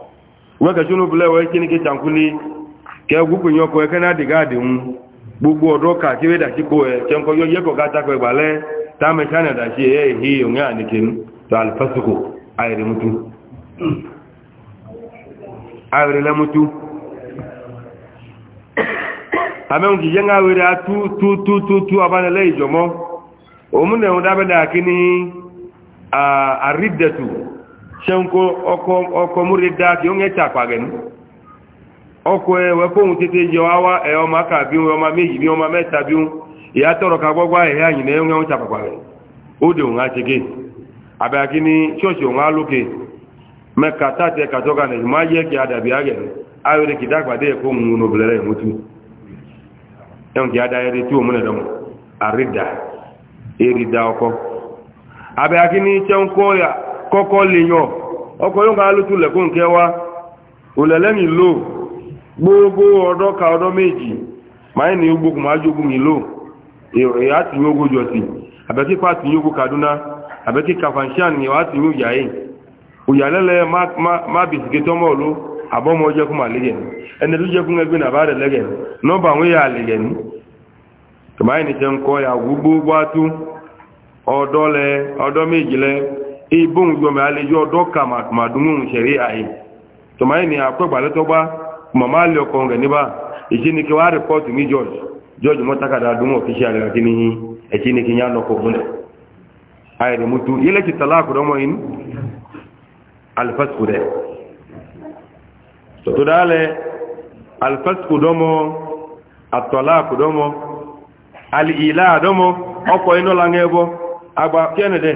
weka chunu bule we kini ke chankuli ke gugu nyoko e kana diga de un gugu odo ka ti we da ti ko e chenko yo yeko ga ta ko gbale ta me la mutu amen ki yenga tu tu tu tu tu abana le ijomo omune o e da kini a ariddatu ṣẹ́nkó ọkọ̀ múrí dáa kí ó ń ẹ̀ta pàgẹ̀mú ọkọ̀ ẹ̀wẹ̀ fóhun títí yọ àwá ẹ̀ ọmọ aka ọmọ méjì bí ọmọ mẹ́ta bí wọn ìyá tọrọ ká gbọ́gbọ́ ẹ̀yà yìnbọn ẹ̀yà ń rẹ̀ ó dè òun àbẹ̀kí ṣọ́ọ̀ṣì òun mẹ́ka kàtọ́ka nẹ̀ má kí adàbí kì kọ́kọ́ lè yàn ọkọ̀ yóò ká lótú lẹ̀kún kẹwa òlẹ̀lẹ́mì lò gbogbo ọdọ́ ka ọdọ́ méjì máa ní ogbó kùn máa jógún mi kaduna àbẹ́kí kafanshan ni wàá tí yóò yà yìí òyàlẹ́lẹ́ má bìsìkì tọ́mọ̀ ló àbọ́mọ jẹ́kún mà lẹ́gẹ̀ ẹni tó ẹgbẹ́ rẹ̀ lẹ́gẹ̀ nọ́bà àwọn èèyàn ń kọ́ ya gbogbo gbátú ọdọ́ méjì lẹ́ ibon gbọmọ alejò ọdọ ka màdùnmù ṣẹ̀rí àyè tọmọ ẹni àpẹ́gbàlẹ́tọ́gbá màmá lè ọkọ̀ rẹ̀ níbà ìṣínikẹ́ wá rìpọ́tù ní george george mọ́tàkàdà àdúnmù ọ̀fíṣẹ́ àrẹ̀ àti ní ìṣínikẹ́ yá lọ́kọ̀ gúnlẹ̀ àìrẹ̀ mútu yílẹ̀ ti tàlá àkùrọ̀mọ́ inú alifásitì rẹ̀ tọ́tọ́ dálẹ̀ alifásitì dọ́mọ́ àtọ́lá àkùdọ́mọ́ alìyílá àdọ́mọ́ ọkọ̀ iná langẹ́ bọ́ àgbà kẹ́nẹ̀dẹ́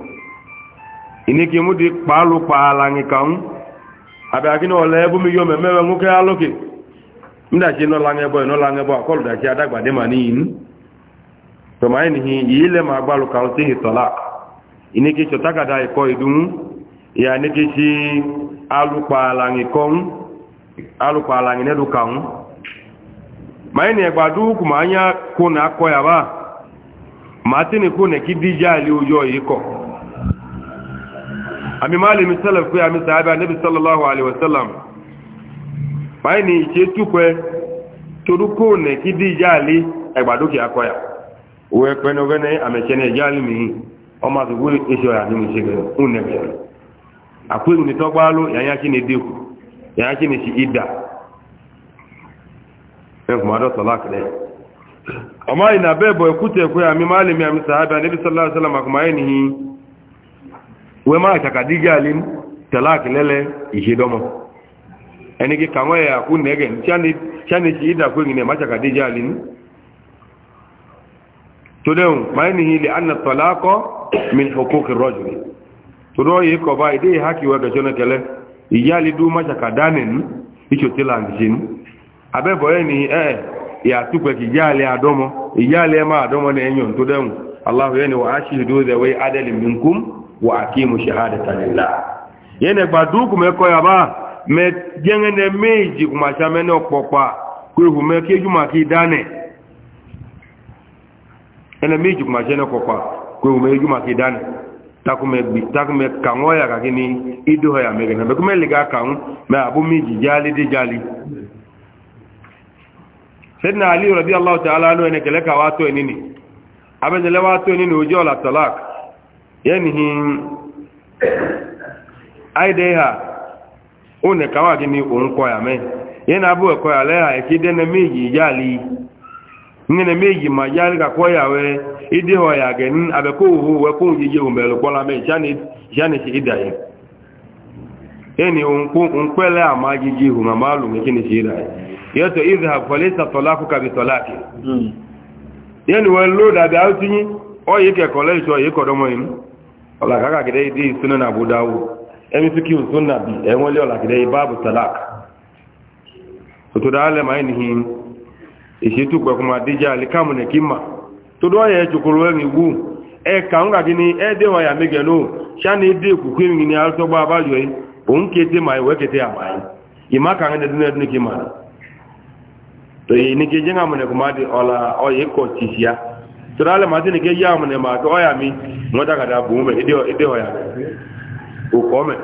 iniki mudi kpalu kpala ngi kan abe agini ole bu mi yo memewe nguke aloke nda chi no lange boy no lange boy akol da chi adagba de mani in to mai ni hi ile ma gbalu kan ti hi talak iniki cho taka dai ko idun ya niki si alu kpala ngi kon alu kpala ngi ne kan mai ni egbadu kuma anya ko na ko ya ba matini ko ne kidija ile oyo yiko àmì máàlìmí sẹ́lẹ̀ pé àmì sàábà níbi sallallahu alaihi wasallam báyìí ni ìṣe túpẹ́ torúkó nẹ̀ kí dí ìjà àlé ẹgbàdókè akọ́yà owó ẹpẹ́ ní ọgbẹ́ ní àmẹ̀ṣẹ́ ní ìjà àlè mìíràn ọmọ àtúgbò èṣe ọ̀yà nínú ìṣe rẹ̀ ń nẹ̀gbẹ̀rẹ̀ àpò ìrìn tọ́gbà ló yàyà kí ni dẹ́kù yàyà kí ni ṣe ìdà ẹkùn adọ́tọ̀ lákìlẹ̀ we ma takadigi alim talak lele ihidomo enigi kanwa ya kunege chani chani ida kwingine ma takadigi alim tudon maani hili anna talaqa min huquq ar-rajul tudo yiko ba ide haki wa gajona kele iyali du ma takadanin icho tilangjin abebo eni eh ya tupe kijali adomo iyali ma adomo ne enyo tudon allah yani wa ashidu the way adalin wa akimu shahadata lillah yene gbaduku meko ya ba me jengene meji kuma chamene opopa kwehu meke juma kidane ene meji kuma chene opopa kwehu meke juma kidane taku takume kangoya kakini ido ya megene be kuma liga kan me abu meji jali de jali sayyidina ali allah ta'ala anhu ene keleka wato nini abendele wato nini ujo la talaka yanihin aide ha une kawa gini òun kọya mẹ yana abu ẹkọya lẹha ẹkí dẹnẹ méjì yáàlì nínú méjì ma yáàlì kakọya wẹ ìdí ọya gẹni abẹkọ òhun wẹkọ yíyẹ òmẹlú pọlá mẹ ìṣàní sí ìdá yìí yẹni òun pẹlẹ àmà yíyẹ òhun àmà lùmí kí ni sí ìdá hmm. yìí yẹtọ ìzhab fọlẹsà tọlá kúkà bí tọlá kì yẹni wọn lóòdà bí a ó ti yín ọ yìí kẹkọọ lẹ́yìn tó ọ yìí kọ̀dọ́mọ́ yìí ọ̀là kàkà kìdẹ́ ìdí ìsúná nà àbúdá wò ẹ̀mí sí kí òsún nà bì ẹ̀wọ́n lé ọ̀là kìdẹ́ ìbáàbù tàlák òtòdá alẹ́ máa nìyí ìṣètò pẹ̀kùnmá díjà àlìkàmù nìkí mà tó dọ́ yẹ ẹ̀jòkòrò ẹ̀rìn wù ẹ̀ka ń gàdí ni ẹ̀ẹ́dẹ̀ wọn yà mẹ́gẹ̀ náà sani tọ́lá lè máa tí ní ké yá ọmọ nìyàmà àti ọ́yà mi wọ́n dákàdá bùn mẹ́ ìdé ọ̀yà òkọ́ mẹ́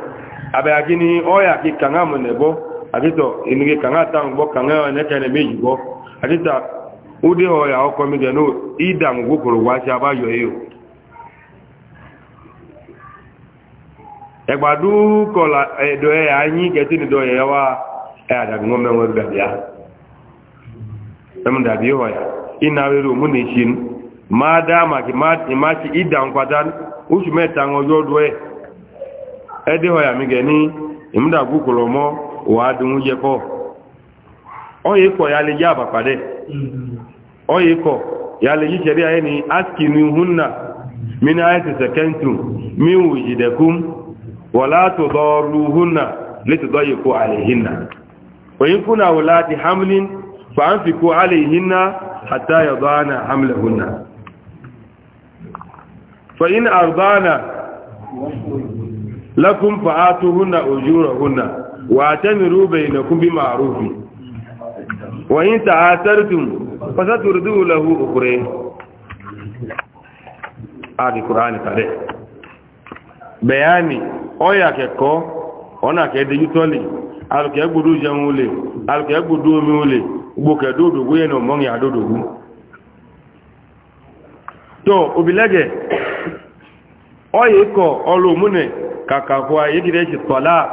àbẹ̀yàkí ni ọ́yà kí kàngá mọ̀ nẹ̀bọ́ àtìtọ̀ ìnìyà kàngá táwọn gbọ́ kàngá ẹ̀nẹ́kẹ́ni méjì gbọ́ àtìtà dàbí ọ̀yà máa dáàmà kí máa ti ìdà ń padà oṣù mẹ́ta ọjọ́ ọdún ẹ̀ ẹ́dẹ́ ọ̀yà mi gẹ̀ ní ìmúdàgbùkùrọ̀ mọ́ òhàdùn jẹ kọ́ ọ̀yẹ́ kọ̀ ya lè yá àbàpàdé ọ̀yẹ́ kọ̀ ya lè yí ṣẹ̀rí ayé ni askinu hunna min ayati sakantum min wujidakum wala tudaruhunna litudayyiqu alayhinna فإن أرضانا لكم فآتوهن أجورهن واعتمروا بينكم بمعروف وإن تعاثرتم فستردوا له أخرى هذا القرآن تاريخ بياني أويا كيكو أنا كيدي يتولي alùkẹ́ gbòdó jẹun olè alùkẹ́ gbòdó omi olè gbòkẹ̀ dóòdògbó yẹn náà mọ́rin àdóòdògbó tó òbílẹ́gẹ̀ẹ́ oyi ko olu mune kaka kwa yigire ji talaq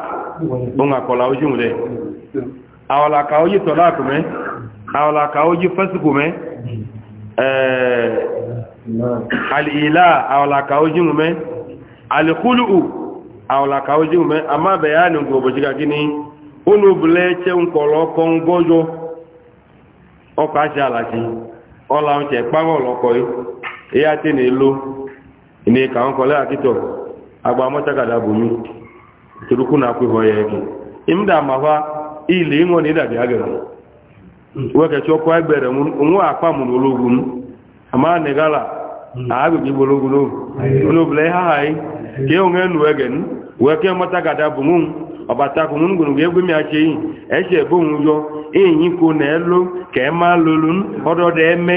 bunga kọla ojii mune awala ka oji talaq me awala ka me eh awala ka oji mume al awala ka oji mume ama bayani ngobo jiga gini unu buleche nkolo ya te na ne ka an kɔlɛ agba agbamɔ takada bonyu turuku na akpɛ hɔ yɛ im da ma ile ŋɔ na ịdabi bi agɛrɛ mo wɔ kɛ tsɔ akpa mo no logu ama nega la agbɛbi bo logu no ono bila yi haha yi ke ŋɔ enu ɛgɛ nu wɔ kɛ ọbata takada bonyu ɔbata ko mu nugunu na elu ka ma lolo nu ɔdɔ dɛ mɛ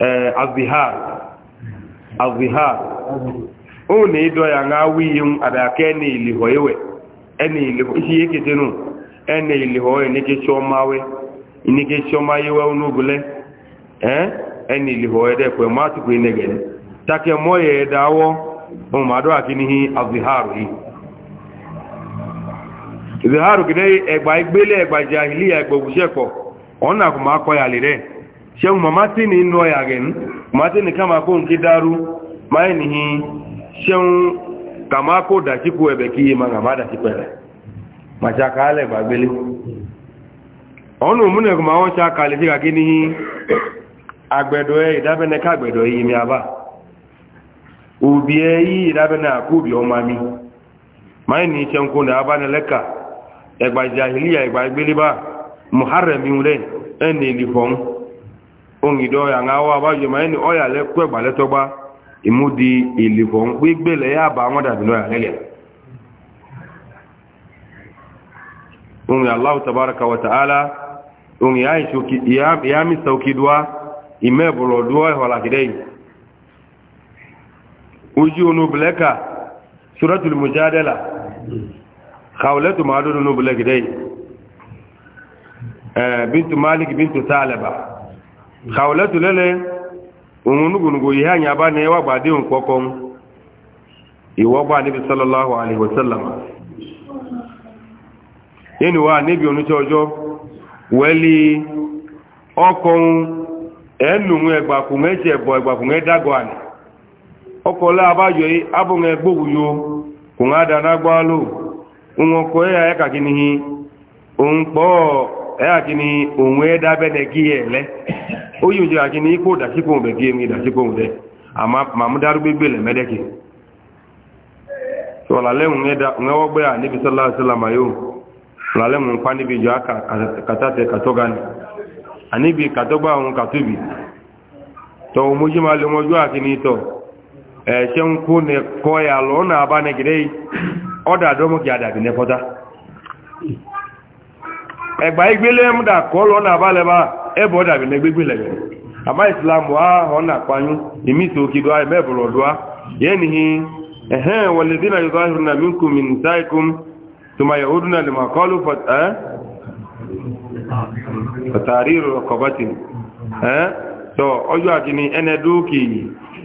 Eh, azihar azihar o ne ido ya nga wiyin adaka ene iliho ewe ene isi yake tenu ene e ke chomawe ini e ke chomaye we unugule eh ene iliho ede kwe matu kwe negele take moye dawo o mado akini hi azihar hi gide egba igbele egba jahiliya e ona kuma ṣeun ma ni inú ọya gẹ̀ẹ́nu mamati kama kọ máa daru nkí dárú máa ní hí ṣeun ká ebe kó dàtíkù ẹ̀bẹ̀ kí yíma ká máa dàtíkù ẹ̀rẹ̀ màṣàkà alẹ̀ gbàgbélé ọ̀nà òmúnẹ̀ kò máa wọ́n ṣàkà lè yi kàkí ní agbẹ̀dọ̀ ẹ̀ ìdábẹ́nẹ́ yi agbẹ̀dọ̀ mi muharrem ongido ya nga wa ba je mai ni oya le ku egba le to gba imudi ilifo npe gbele ya ba won da bi tabaraka wa taala ongi aishu ki ya ya mi saukidwa ime bolo duwa e hola kidei uji onu bleka suratul mujadala khawlatu ma'dudun bleka eh, bintu malik bintu salaba khawlatu lele unugunugu ihe anyị aba na ewa gbadi nkpọkọ iwo gba nabi sallallahu alaihi wasallam yeni wa nabi onu jojo weli okon enu egba ku meje ebo egba ku edago ani okola abayo yi abun egbogu yo ku ngada na gbalu unwo ko ya ya kakini hi onpo ya kini onwe dabe ne giye le ó yíò jẹ́ àti ní kó dàsíkòhùn bẹ̀ kí èmi dàsíkòhùn dẹ̀ àmá màmú dárú gbégbé lẹ̀ mẹ́dẹ́kì tí ọ̀làlẹ́hùn ẹwọ́ gbé à níbi sọ́lá sílámà yóò ọ̀làlẹ́hùn pa níbi ìjọ kàtàtẹ kàtọ́gà ni àníbi kàtọ́gbà òun kàtóbi tọ́ omojú máa lè mọ́jú àti ní tọ́ ẹbọ dàbí nẹgbẹgbẹ lẹgbẹ àmá ìsìlámù á ọ̀nà àpáyú ìmísì òkèdò á ẹ̀mẹ́bọ̀ lọ́dọ́á yẹ́nì ẹ̀hẹ́n wọlé dínà yóò záhìrì náà mínkù mi nìta ikùn tó máa yẹ̀hó dúnà lè máa kọ́lù fọ̀tàrí rọ̀ kọ̀bátì ẹ́ tọ́ ọjọ́ àkíní ẹnẹ́dókè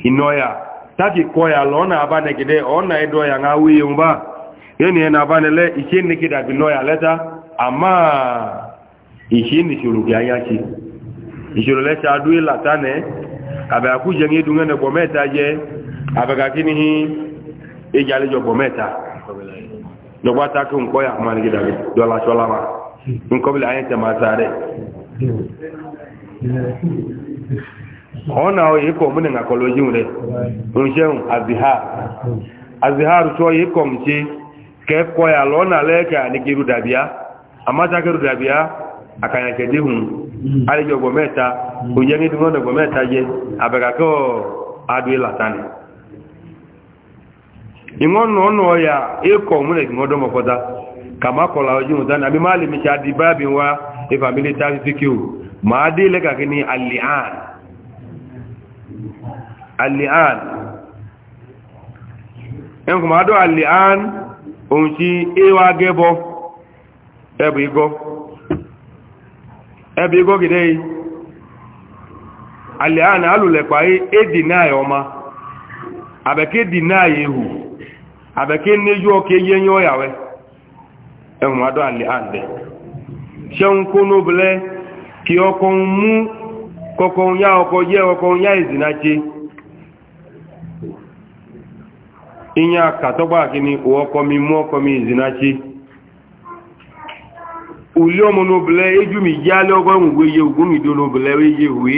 ìnọ̀yà táàkì kọ́yà lọ́nà abánẹgẹ̀dẹ́ ọ̀nà ẹ̀dọ́yà ń awúyẹ̀ ń bá yẹ́nì ẹ̀nà abánẹlẹ́ ṣe ìṣòro lẹ́sẹ̀ adó ìlà tánẹ̀ àbẹ̀ àkújẹ ní ìdúnwẹ́ ní ọgbọ̀ mẹ́ta jẹ́ àbẹ̀gà kí ní ìjà àlejò ọgbọ̀ mẹ́ta lọ́gbà tákì ń kọ́ yàkùnmá ní gidàrí dọ́là ṣọ́lá wa ń kọ́bílẹ̀ rẹ̀ ń azihar azihar tó yé kọ̀ ń ṣe kẹ́kọ̀ọ́ yà lọ́nà lẹ́ẹ̀kẹ́ àníkẹ́rù dàbíá àmátàkẹ́rù dàbíá àkànyàkẹ́dẹ́hùn alejò mm. ọgbọ mẹta mm. òye ní dúró ọgbọ mẹta yẹ abẹgàkẹ ọ adùn ìlàta ni ìwọn nọ ọnà ọyà ekọ múlẹ kí wọn dọmọ kọta kàmá kọlà ọjọ ìwọn tani àbí má lè mi ṣe adi báàbí wa ìfàmílẹ tá a fi fi kí o màá dé lẹkàkí ní alihan alihan ẹnkù màá dọ alihan òun ti ewa gẹbọ ẹbù igọ. ebe igogide yi aliana náà edinai e ọma abeke e dinai ehu abeke nneju e ọka eyi enye ọyawe ehun ado aliande ṣeun kónú obìnrin kí ọkọ̀ mú kọkọ̀ ya ọkọ̀ yẹ ọkọ̀ ya ìzìnájé ìyẹn àkàtọ́gbà kí ni mi mú ọkọ̀ mi uli ọmụ n'obele eju m iji alị ọgọ enwugwe ihe ugwu m ido n'obele ihe uwe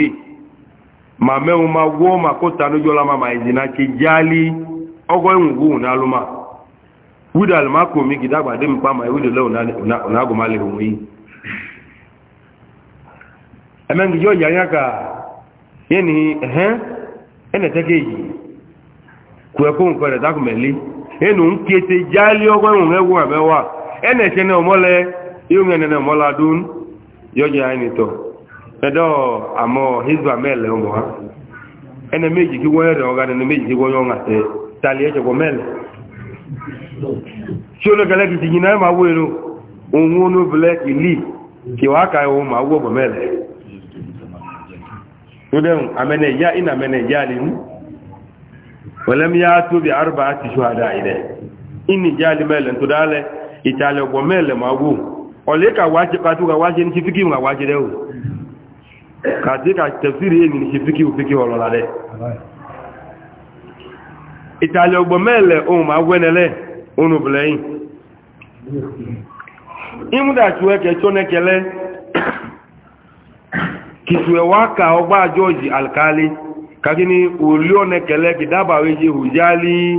ma menwu ma gwuo ma kụta n'ụjọla ma ma izi na ke ji alị ọgọ enwugwe ụnụ alụma wudal ma ka omi gide agbade mkpa ma ewudele ụnagụmalị onwe yi eme ngiji ọji anya ka ya na ehe eneteke eji kwue ko nkwere dakumeli enu nkete ji alị ọgọ enwugwe egwu amewa eneche na omole yóò ŋẹ́ nẹ́nẹ́ mọ́lá dún yọjẹ́ àìní tọ̀ ẹ̀dọ́ àmọ́ hizba mẹ́lẹ̀ ọmọ ha ẹnẹ méjì kí wọ́n rẹ̀ ọ̀gá ẹnẹ méjì kí wọ́n yọ̀ǹgà tẹ̀ tàlẹ́ ẹ̀jẹ̀ kọ mẹ́lẹ̀ tí ó lọ́kẹ́lẹ́ kìí yìí náà máa wó inú òun ó ló bilẹ̀ ìlì kí wàá ka ẹ̀wọ̀n máa wó ọ̀bọ̀ mẹ́lẹ̀ tó dẹ́hùn amẹ́nẹ̀ ìyá iná amẹ́nẹ̀ ìyá lè mú wẹ̀lẹ́m yá tóbi arúgbó àti ṣọ́ àdá ilẹ̀ ìní ìyá lè mẹ́lẹ̀ tó dálẹ̀ ìtàlẹ̀ ọ̀gbọ̀ mẹ́lẹ̀ máa wó ole ka waje katu ga waje ni fiki ga waje o katika tafsiri yeni ni fiki ufiki walola de itali ogbo o oh, ma wenele unu bleyin imuda chuwe ke chone kele kisuwe waka alkali kakini ulione kele kidabaweje hujali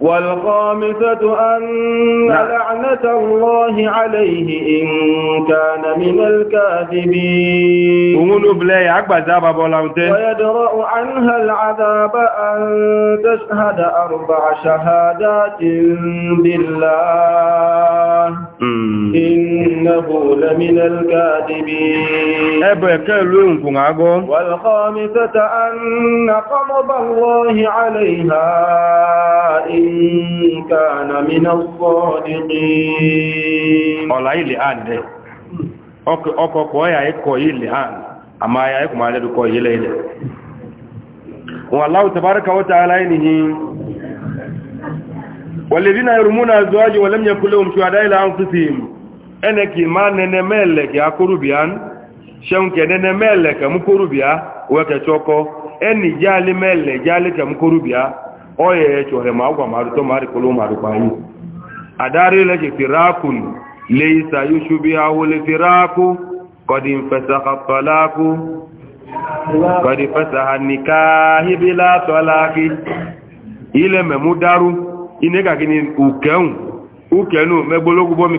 والخامسة أن نعم. لعنة الله عليه إن كان من الكاذبين ويدرأ عنها العذاب أن تشهد أربع شهادات بالله hmm. إنه لمن الكاذبين والخامسة أن قضب الله عليها إن كان من الصادقين ọ̀la ilẹ̀ àn dẹ ọkọ̀ ọkọ̀ ọ̀yà ẹkọ̀ ilẹ̀ àn àmà ayà ẹkùnmà alẹ́dùkọ̀ ilẹ̀ ilẹ̀ wọn aláwọ̀ tàbárkà wọ́ta aláìníhì والذين يرمون أزواج ولم يكن لهم شهداء إلى أنفسهم أنك ما ننملك يا كروبيان شنك ننملك مكروبيا وكشوكو أني جالي ملك جالك مكروبيا oye chohe ma maruto ma kulu marubayi adari leje firakun laysa yushbihu li firaku qad infasakha talaku qad fasaha nikahi bila talaki ile memudaru inega gini ukeun ukenu megbologu bomi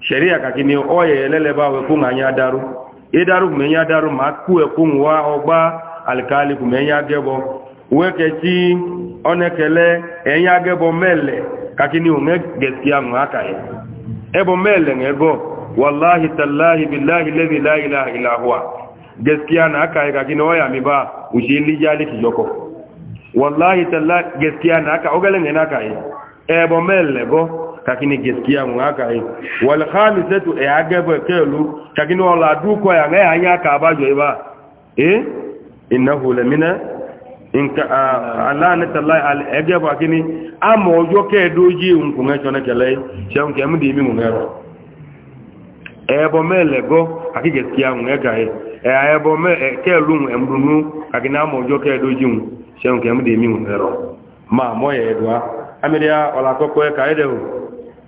sheria kakini oye elele bawe kunga nyadaru idaru e kumenyadaru makue kungwa ogba alikali kumenyagebo wekechi onekele enyagebo mele kakini unge geskia ngaka ye ebo mele ngego wallahi tallahi billahi alladhi la ilaha illa huwa geskia na aka ye miba ushili jali kijoko wallahi tallahi geskia na aka ogele ngena aka ye ebo kakini gaskiya mu haka yi wal khamisatu ya eh, gaba kelu kakini wala duko ya ga hanya ka ba ba eh innahu lamina in ka ala ah, na tallahi al ajaba kini amma ojo ke doji un kun ejo na kele shan ke mu di mi ebo aki gaskiya yi e ebo me eh, kelu ke doji un shan ke di mi ma moye edwa amiria ka edewo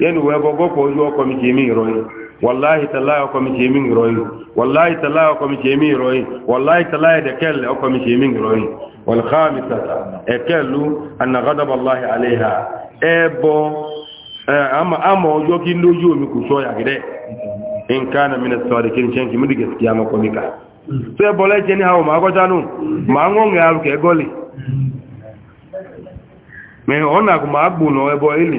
yẹn wọ ẹgbọgbọ kọ ojú ọkọ mi jẹ mí ìrọyìn wàláhì tàláì ọkọ mi jẹ mí ìrọyìn wàláhì tàláì ọkọ mi jẹ mí ìrọyìn wàláhì tàláì dẹkẹlẹ ọkọ mi jẹ mí ìrọyìn wàlùkàmì tàtà ẹkẹlú anagadabaláhi àléhà ẹbọ àmọ ọjọ kí lójú omi kò sọ yàgídẹ nǹkan na mina sọrọ kí n ṣe kí múdìgẹ sí àmọ kọ mi ká tó ẹbọ lẹjẹ ní àwọn màákọjánù màá àrùkẹ gọlì mẹ ọ nà kò máa gbóná ẹbọ ilé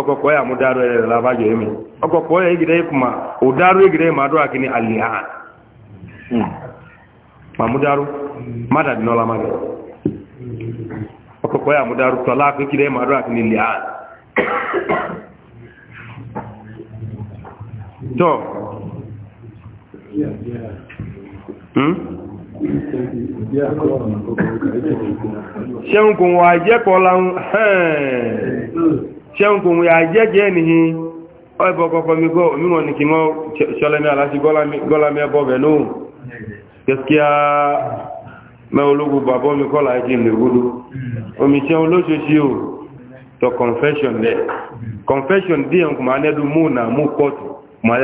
ọkọ̀kọ̀ ya mú dáró ẹ̀rẹ̀ lábájọ ẹ̀mí ọkọ̀kọ̀ ya igide ikuma ò dáró igide ma dọ́ akini alihan ma mú dáró mádàbí nọ́lá má gẹ̀ ọkọ̀kọ̀ ya mú dáró tọ́lá akíkide ma dọ́ akini alihan tọ́ hmm? ṣeun kò wà jẹ́kọ̀ọ́ láhùn ẹ̀ẹ́ ṣẹ́un kò ya jẹ́jẹ́ nìyí ọ̀bọ̀ kọ̀kọ́ mi gọ́ omíwọ̀n ní kí wọ́n ṣọlẹ́mí aláti gọ́lámí ẹbọ̀ bẹ̀ náà kẹsíkíá mẹ́ ológun bàbọ́ mi kọ́lá ẹ̀kí ìlúgbódó omi o tọ confession dẹ̀ confession díẹ̀ kò máa nẹ́dù mú mú kọ́ọ̀tù kò máa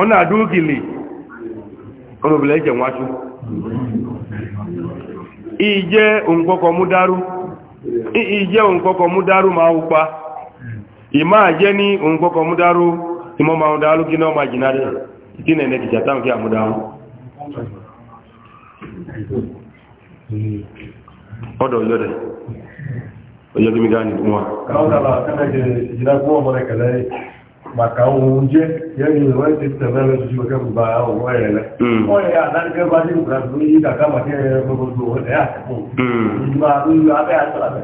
ọ̀nà àdúgìlì ọmọbìnrin ẹ̀jẹ̀ wájú ìjẹ́ òǹkọkọ̀ mú dárú ìjẹ́ òǹkọkọ̀ mú dárú máa ń pa ìmá jẹ́ ní òǹkọkọ̀ mú dárú ìmọ̀ máa ń dárú kí náà máa jìnà rẹ̀ kí nẹ̀ẹ̀nẹ̀ kìjà táwọn kí àmú dárú ọdọ̀ yọ́dẹ̀ ọjọ́ bí mi gáà nìkún wa maka ohun jẹ́ yẹ́nì ìwọ́n ti tẹ̀lé lọ́sí ọjọ́ gbogbo àwọn ọ̀rọ̀ ẹ̀rẹ́ hmm. wọ́n yẹ àdáríkẹ́ bá ní ìgbà tó yí kàkà màkẹ́ ẹ̀rẹ́ gbogbo ọ̀rẹ́ àtẹ̀kùn ìgbà tó yí abẹ́ àtàlàbẹ̀.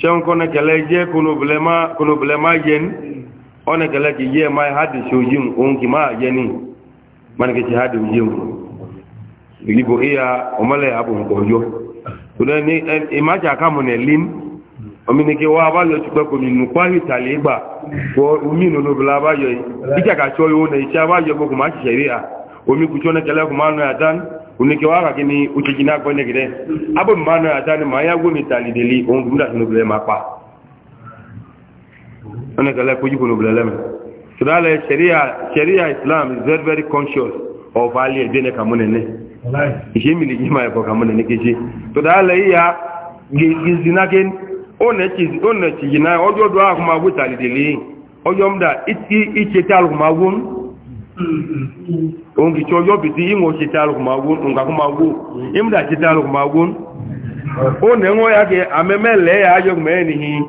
ṣẹ́un kọ́ nẹ́kẹ̀lẹ́ jẹ́ kólóbìlẹ́má yẹn ọ́ nẹ́kẹ̀lẹ́ kì yẹ́ máa hádì sí ojú òun kì máa yẹ ní mánìkẹ́sì hádì ojú òun ìgbìgbò ìyá ọmọlẹ̀ àbùnkọ̀ ọjọ́ ìmájà kàmùnẹ̀ lín ọmọ ko umi no no bla ba yo ija ka cho yo na ija ba yo ko ma sheria umi ku cho na kala ko ma no atan uni ke wa ka kini uchi jina ko ne gide abo ma no atan ma ya go mi tali deli on gumda no bla ma pa ona kala ko ju ko no bla lema so da la sharia sharia islam is very very conscious of value dene kamune ne ishe mi li jima ko kamune ne kishi to da la iya onetsi yi na ọjọ́ dọ́ ahụmahụ talidele ọjọ́ mda iti ichete alụmahụ ongichi ọjọ́ biti inwe ochete alụmahụ nga ahụmahụ imda chete alụmahụ o na enwe ya ke ameme le ya ajọ gbe nihi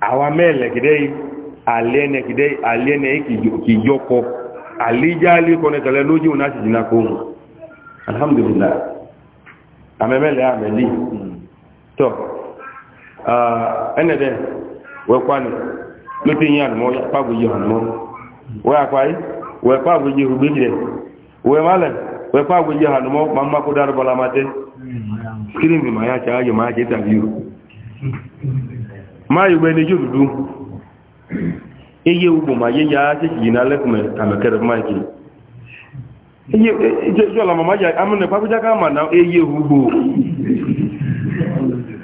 awa mele gide alene gide alene kijoko alija ali konetale loji jina ko alhamdulillah ameme ameli to ẹnẹ̀dẹ̀ wẹ̀kwani ló ti yí àdùmọ́ pàbò yí àdùmọ́ wẹ́ àpáyí wẹ́ pàbò yí rùgbé jẹ́ wẹ́ málẹ̀ wẹ́ pàbò ma ń mákó dárúbọ lamáté skírìmì máa yá ṣáájú máa jẹ́ tàbí o máa yóò gbẹ́ni yóò dúdú eye ugbò máa yé ya ṣèṣì yìí nálẹ́ kùmẹ̀ àmẹ́kẹ́rẹ́ fún máìkì eye ìjọ́lá màmá yà amúnẹ̀ eye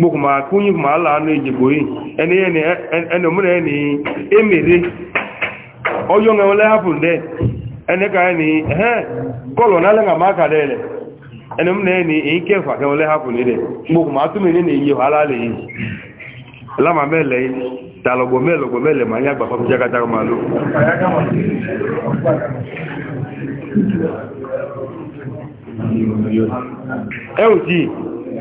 gbogbo ma kúnyí ma láàánú ìjìgbò yìí ẹni ẹni ọmọdé ẹni emèrè ọjọ́ ẹ̀wọ̀n lẹ́hàpù dẹ́ ẹni ká ẹni ẹ̀hẹ́n kọlọ̀ nálẹ́gà máa kà dẹ́ẹ̀lẹ̀ ẹni ọmọdé ẹni èyí kẹfà kẹwọ́n ma túnmì nínú iye wàhálà lè yìí lámà ma ma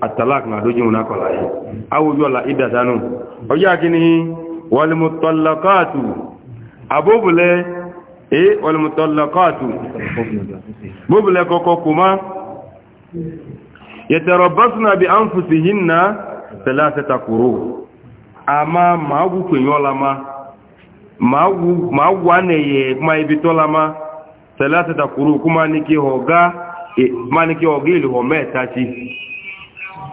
atalak na doji muna kola yi awu yo la ida tanu o ya kini wal mutallaqatu abubule e wal mutallaqatu bubule koko kuma yatarabbasna bi anfusihinna thalathata quru ama magu kwenyola ma magu magu ye kuma ibitola ma thalathata quru kuma nikihoga e, kuma nikihoga ili ho meta chi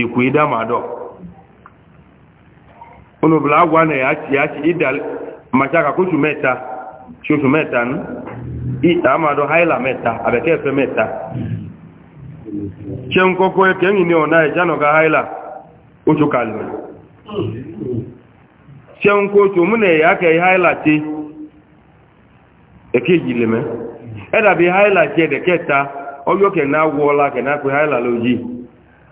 ikwu ida ma dɔ olùbìlà agwa na ya ci ya ci macha ka kusu mɛta kusu mɛta nu ita ma dɔ haila mɛta abɛkɛ fɛ mɛta tiɛ nkɔkɔ yɛ kɛ ŋini e ɔna yɛ e, janɔ ka haila oṣù kalima tiɛ nkɔtɔ mu na ya haila ti ɛkɛ yi lɛmɛ haila ta ọ na la na haila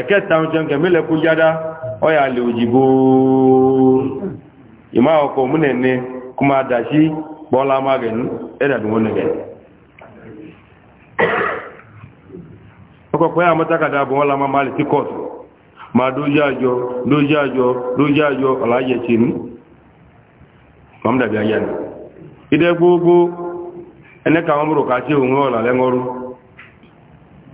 ẹ̀kẹta ọjọ́ ǹkẹ̀ mílẹ̀ kú yádá ọya lè òjìgbò ìmá ọkọ̀ múnẹ̀ẹ́ni kú máa dà sí bọ́lá mágẹ̀ẹ́nu ẹ̀dàdùnwó nìkẹ̀ ọkọ̀ pẹ́ àmọ́tàkàdà bọ̀ wọ́n la máa lè tí ní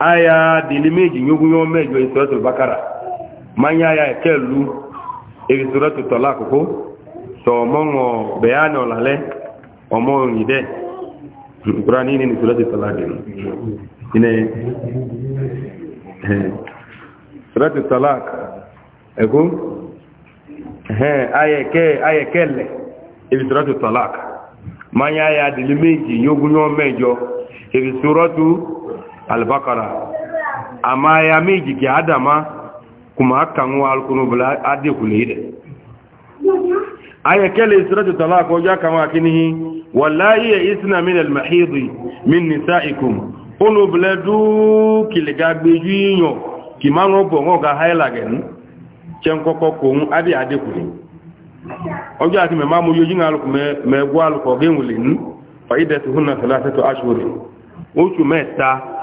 aya dili meji nyogun ome mejo bakara manya aya kelu e suratul talaq ko so mongo bayano lale omo ni de qurani ni suratul talaq ine suratul talaq ego aya ke manya albakara amma ya mai jiki adama kuma hakan wa alkunubula adekule ide aya kele isratu talaka wajen kama kinihi wallahi ya isna min almahidi min nisa'ikum unubula dukile gagbeju yiyan ki ma ń ga hailagen adekule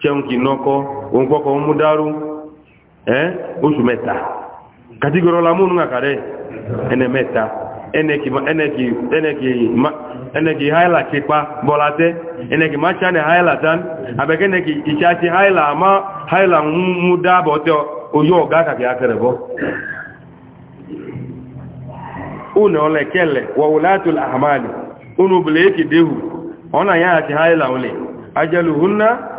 jẹun kì nọkọ òun kọkọ ń mú dárú ẹ́ oṣù mẹ́ta kàtígọrọ lámúnú àkàrẹ́ ẹnẹ mẹ́ta ẹnẹkì haila kípa bọ́látẹ́ ẹnẹkì má ṣáni haila tán àbẹ̀kẹ́nẹkì ìṣáṣí haila má haila ń mú dábọ̀ tẹ́ oyó ọ̀gá kàkì akẹrẹ bọ́ una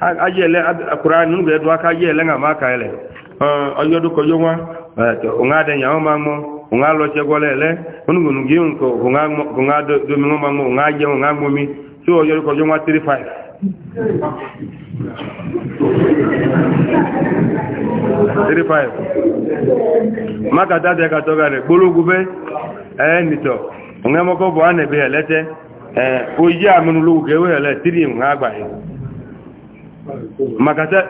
ayele akura nu be do aka yele nga ma ka ele oyodu ko yonwa eh, nga de nyawo ma mo nga lo che gole ele unu gunu gi unko nga nga do mi ma mo nga je nga mo mi so ko yonwa 35 35 maka dade ka to gare bulugu be eh nito nga mo ko bo ane be eh amunu lugu ke we ele 3 nga gba makata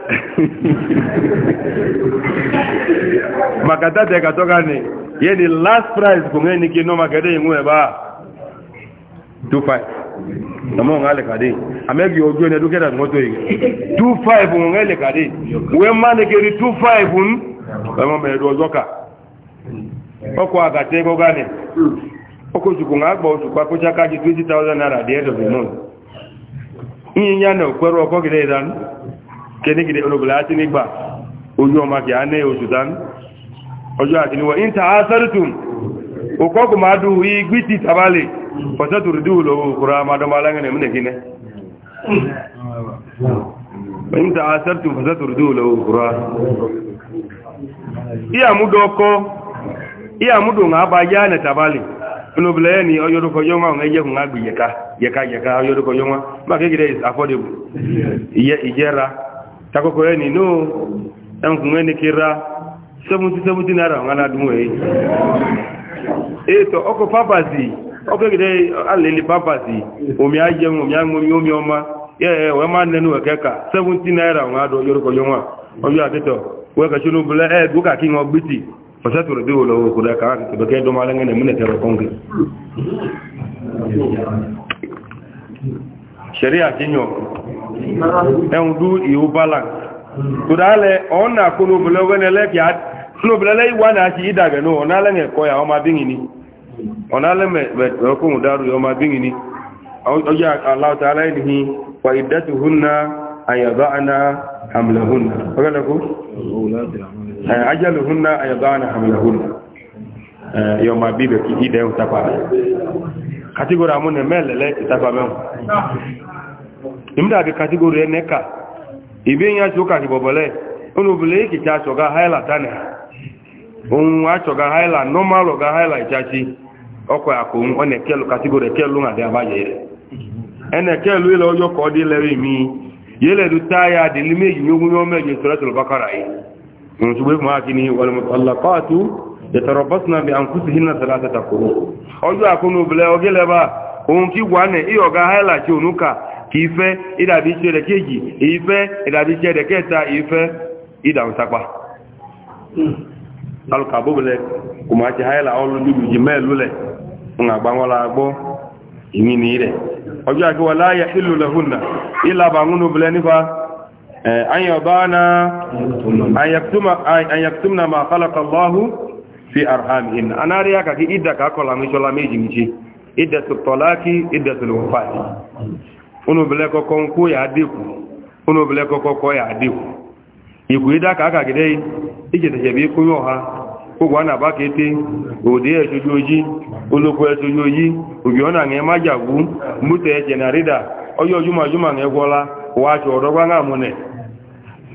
makata te katoka ni ye ni last price kunge ni kino makata yengwe ba 25 namo ngale kadi amegi ojo ne dukera ngoto yi 25 ngale kadi we mane keri 25 un kama me dozoka oko agate ko gane oko jukunga gbo ojupa ko chakaji 20000 naira the end of the month inya no kwero ko gide dan keni gide ono glati ni ba ojo ma ki ane o sudan ojo ati ni wa inta asartum o ko ko madu wi gwiti tabale ko ta turdu lo qura ma do malanga ne mne kine inta asartum fa turdu lo qura iya mudoko iya mudo ngaba ya ne tabale lóbìlẹ̀ ní ọyọ́dúkọ yọ́nwá ọ̀nà ẹjẹ́kùn agbì yẹka yẹka yẹka ọyọ́dúkọ yọ́nwá bá kékeré is affordable ìjẹ́ra takọ́kọ́ ẹ ní nóò ẹnkùn ẹni kí ra 70-70 naira wọn aládùnmọ̀ èyí ètò ọkọ̀ pápásì ọkẹ́kẹ́kẹ́ alẹ́lẹ́ pápásì omi ajẹun omi agbómi omi ọma yẹ́ wọ́n máa nẹnu ẹ̀kẹ́kà 70 fasatu rabi wa lahu kuda ka haka ba kai don malan muna tare kon sharia kinyo en du iu balance kuda le ona kunu blogo ne le ya kunu blele wa na ji da ga no ona le ko ya o ma ni ona le me ko mu daru yo ma bingi ni o ya allah ta'ala ni wa iddatuhunna ayadana hamlahunna wala ko ajaluhunna ayadana hamlahunna yoma bibe ki ide utapa category amune melele itapa mem imda bi category eneka ibe nya chuka ki bobole onu bule ki cha choga haila tane un wa choga haila normal ga haila ichachi ọkọ̀ àkóhun ọ̀nà kẹlù kàtígòrè kẹlù àdé àbáyé rẹ̀ ẹnà kẹlù ilẹ̀ ọjọ́ kọ́ mi nsubu ma kini wal mutallaqatu yatarabbasna bi anfusihinna thalathata quru ojo akunu bile ogele ba ohun ki gwane iyo ga haila ti onuka ki ife idabi sere keji ife idabi sere keta ife idan sapa alka bubule kuma ti haila olu dudu ji melule nga gbanwala agbo imi ni ire ojo akiwa la yahillu lahunna illa bangunu bile nifa أن يضعنا na يكتم أن يكتمن ما خلق الله في أرحامهن أنا رياك كي إدك أقول مش ولا ميجي ميجي إدة الطلاق إدة الوفاة unu bile koko ya adiku unu ko ya iku ka aka gide ije te bi ku yo ha ku na ba kete ode e joju oji oloku e joju oji ona nge majagu e jenarida oyo juma juma gwola wa odogwa nga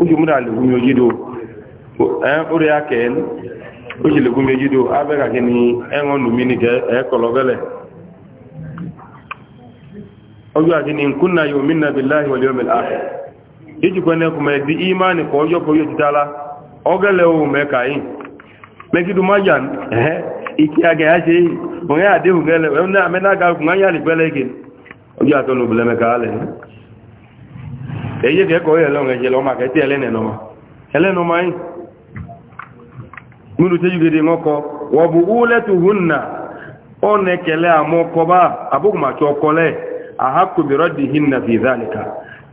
oṣù múra lè gúnmi ojú dò ẹn orí akẹ́ ẹn oṣù lè gúnmi ojú dò abẹ́ kàkí ni ẹ̀wọ̀n lùmí ní ẹ̀kọ́lọ́ bẹ́lẹ̀ ojú àti ní nkúnna yóò mí nàbí láì wọlé omi pẹ́ di ìmáàni kọ́ ọjọ́ pọ̀ yóò ti dára ọgẹ́lẹ̀ èyí kẹ́ kọ́ ẹ̀lọ́ ẹ̀jẹ̀ lọ́mà kẹ́tí ẹlẹ́nẹ̀nọ́mà ẹlẹ́nọ́mà yìí múlù tẹ́jú gẹ́dẹ̀ ọkọ̀ wọ̀bù úlẹ́tù húnnà ọ̀nẹ́kẹ̀lẹ́ àmọ́kọba abúkùmàtí ọkọlẹ̀ àhákùbìrọ́dì hínà fi zálìkà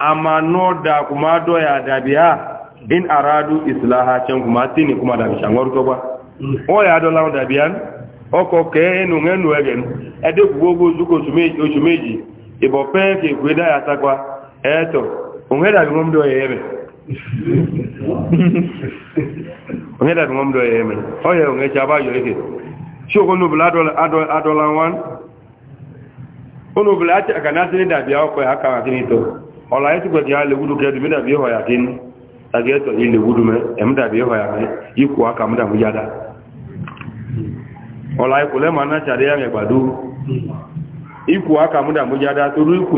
àmà náà dàkùmá dọ́yà dàbíà in àràádù ìsìláha kẹ́kùmá tí ní kùmà dàbí sàngọ́rútọ́gbá wọ́n yà dọ́láwọn dàbíà ọkọ̀ kẹ́ ẹnu ẹnu ẹgẹ̀nu ẹdẹ́kùgbógbó oṣù méjì ìbọ̀pẹ́ ẹ̀ẹ́tọ̀ onge da ngom do yeme onge da ngom do yeme oye onge chaba yo yake sho ko no blado ado ado lan wan ono da biya ko to ola yesu ko ya le wudu ke da biya ho ya kini age to ile wudu me em da biya ho ya me yiku aka mu da mu yada mana chade ya me gbadu iku aka mu da mu yada toru iku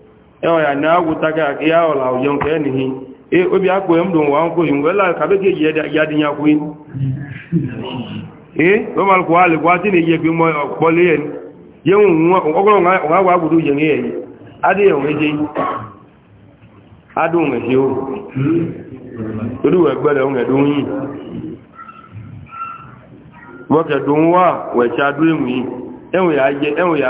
ẹwọ̀n yà ní agwụtaka ya ọla ụjọ nke enihi e, obi akpụ m dụ nwa nkwụ yi ngwela ka bekee ji ya dị nyakwu ee omalụkwụ ha lịkwa dị na-eyi ekwe mọ ya ye ọgwụrụ e nwa agwa agbụrụ uche nye ya yi adịghị onwe je adụ onwe je o torí wẹ̀ gbẹ̀rẹ̀ ohun ẹ̀dùn yìí wọ́kẹ̀dùn wà wẹ̀ṣadú èmù yìí ẹ̀wọ̀n yà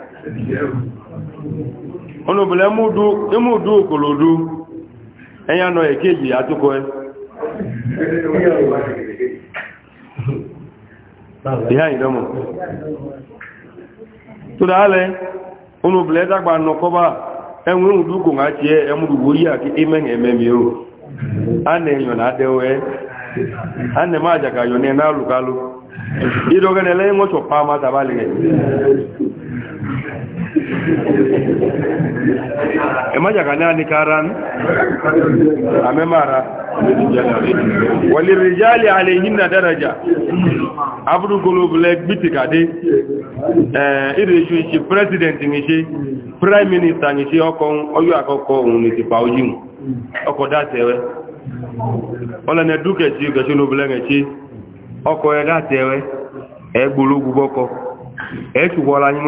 onubule imudu okolodu ẹ̀yà nọ èkejì àtúkọ ẹ ìyá ìdánmọ̀ tó dáálẹ̀ onubule dágbà nọkọba ẹ̀wọ̀n ìrùn dúkò ń àti ẹmúdùgbò yí àti amen ẹ̀mẹ́mí o a nà èyàn àdẹ́wẹ́ a nà máa jàkàyọ̀ ní ẹ̀nà alùkálù ìdọ́gẹ́nẹ̀lẹ́yìn ẹmájàkà ní àníkára ní àmẹ́mára wàlìrìjáàlì àlèyìnà dárajà afúrúgbòlòbìlẹ̀ gbítìkàdé ìrìnṣù ìṣe president ìṣe prime minister ìṣe ọkọ̀ ọyọ́ àkọ́kọ́ òun ìtìpà ojú ọkọ̀ dátẹ̀wẹ́ ọlọ́nà dúkẹ̀ṣí gẹ̀ṣọ́lòbìlẹ̀ ọkọ̀ ẹ̀ dátẹ̀wẹ́ ẹgbòlógún bọ́kọ̀ ọkọ ṣùgbọ́ra yín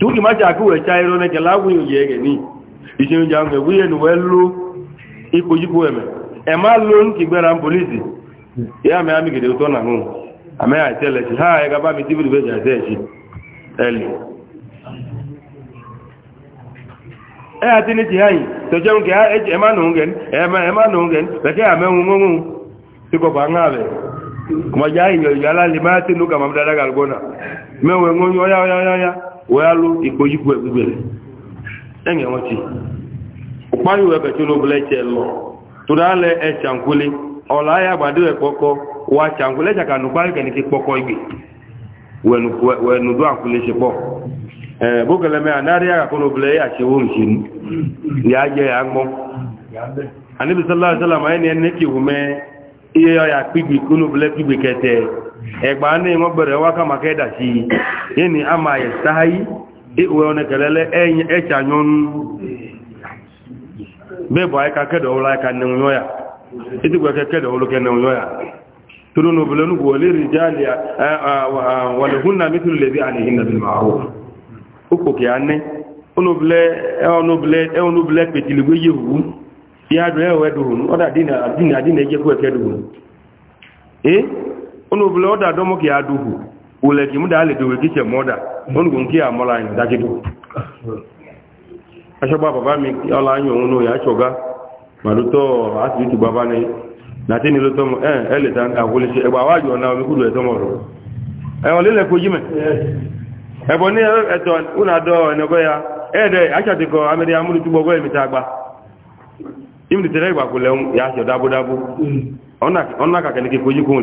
tuki macha akuwe chairo na kelagu yege ni ishin jange wiye ni welu ipo jiku eme e ma lo nki gbera polisi ya me ami gede to ame a ha e ga ba mi e ati ni ti hayi to je nge a e ma no nge e ma e ma no nge be ke ame hun hun ti ko ba nga be kuma jayi yo ya ya ya ya wealụ ikpojikwu egbugbere enye nwachi ụkpanyị wee becha n'obele eche lụ tụrụ ala echa nkwuli ọla ahịa gbado ekpọkọ wa cha nkwuli echa ka nụkpanyị ka nike kpọkọ igwe wee nudu ankwuli chekpọ ee bokele me anarị ya gakọ n'obele ya chiwo nchinu ya je ya gbọ anibi sallallahu alaihi wasallam na ne ne ki hume iye ya kpigbi kunu bele kpigbi kete egba na enwe gbere waka maka ịdachi ịnị ama ya sahayi iwe one kelele eche anya ọnụ bebụ aka kedowụla aka na nwunyo ya itigwe ke kedowụlụ ke nne na ya e, e, ya onu da oda domo ki aduhu ule ki muda ale dowe kiche moda onu gunki amola ni dakidu aso baba ba mi ola anyo onu ya choga maruto asibiti baba ni lati ni lo tomo eh ele tan awole se egba waju ona mi kudu e tomo ro eh o lele koji me e bo ni eh, eto una do enogo ya ede eh, acha ti ko amede amuru tubo go mi ta gba imi tere gba um, ya se dabu dabu mm. ona ona ka kele ki koji ko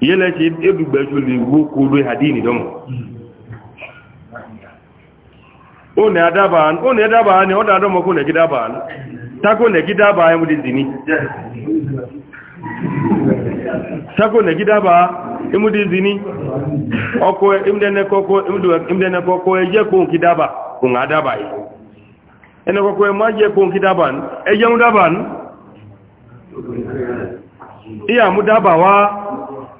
yẹlẹ ti edugbẹju le wo kolo hadini dɔn o ne adaba o ne adaba ne ɔda dɔn ma ko nɛgi daba tako nɛgi daba yɛ mo de zini tako nɛgi daba yɛ mo de zini ɔkɔ emudɛnɛ kɔkɔ emudɛnɛ kɔkɔ ɛyɛ ko nki daba ko nka daba yi ɛnɛ kɔkɔ yɛ ma yɛ ko nki daba ɛyɛ mo daba iya mo daba wa.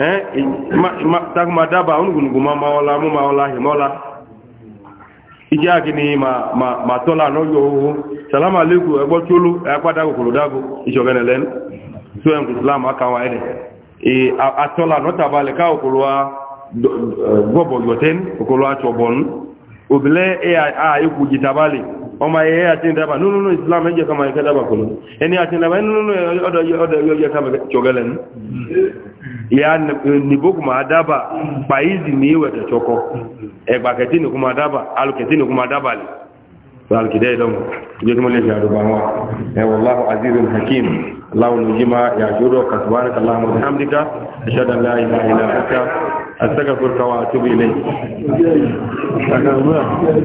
eh takuma daba onugunugu ma maola mu maola himola ije akini ma ma ma tola no yo owo e aleikum egbo chulu apada kokoro dago isogene len so en islam aka wa ele e a atola no tabale ka okoro wa eh, gobo yoten okoro a chobon obile e a a ikujita e bale ọmọ yẹ àti ìdába nínú islam ẹjẹ kama ẹkẹ dába kò lónìí ẹni àti ìdába nínú ọdọ yóò yẹ kama ṣọgẹlẹ ní ya nìbókù máa dába pàízi ní ìwẹ̀tẹ̀ ṣọkọ ẹgbà kẹtí nìkú máa dába alùkẹtí nìkú máa dába lè alùkẹtẹ́ ìdánwò ìjọ tí mo lè ṣe àdùbà wọn ẹwọ láhùn azizun hakim láhùn lójímá yàjọdọ kàtùbárí kàláhùn ọdún hamdika ẹṣẹ́dà láì láì láì láì láì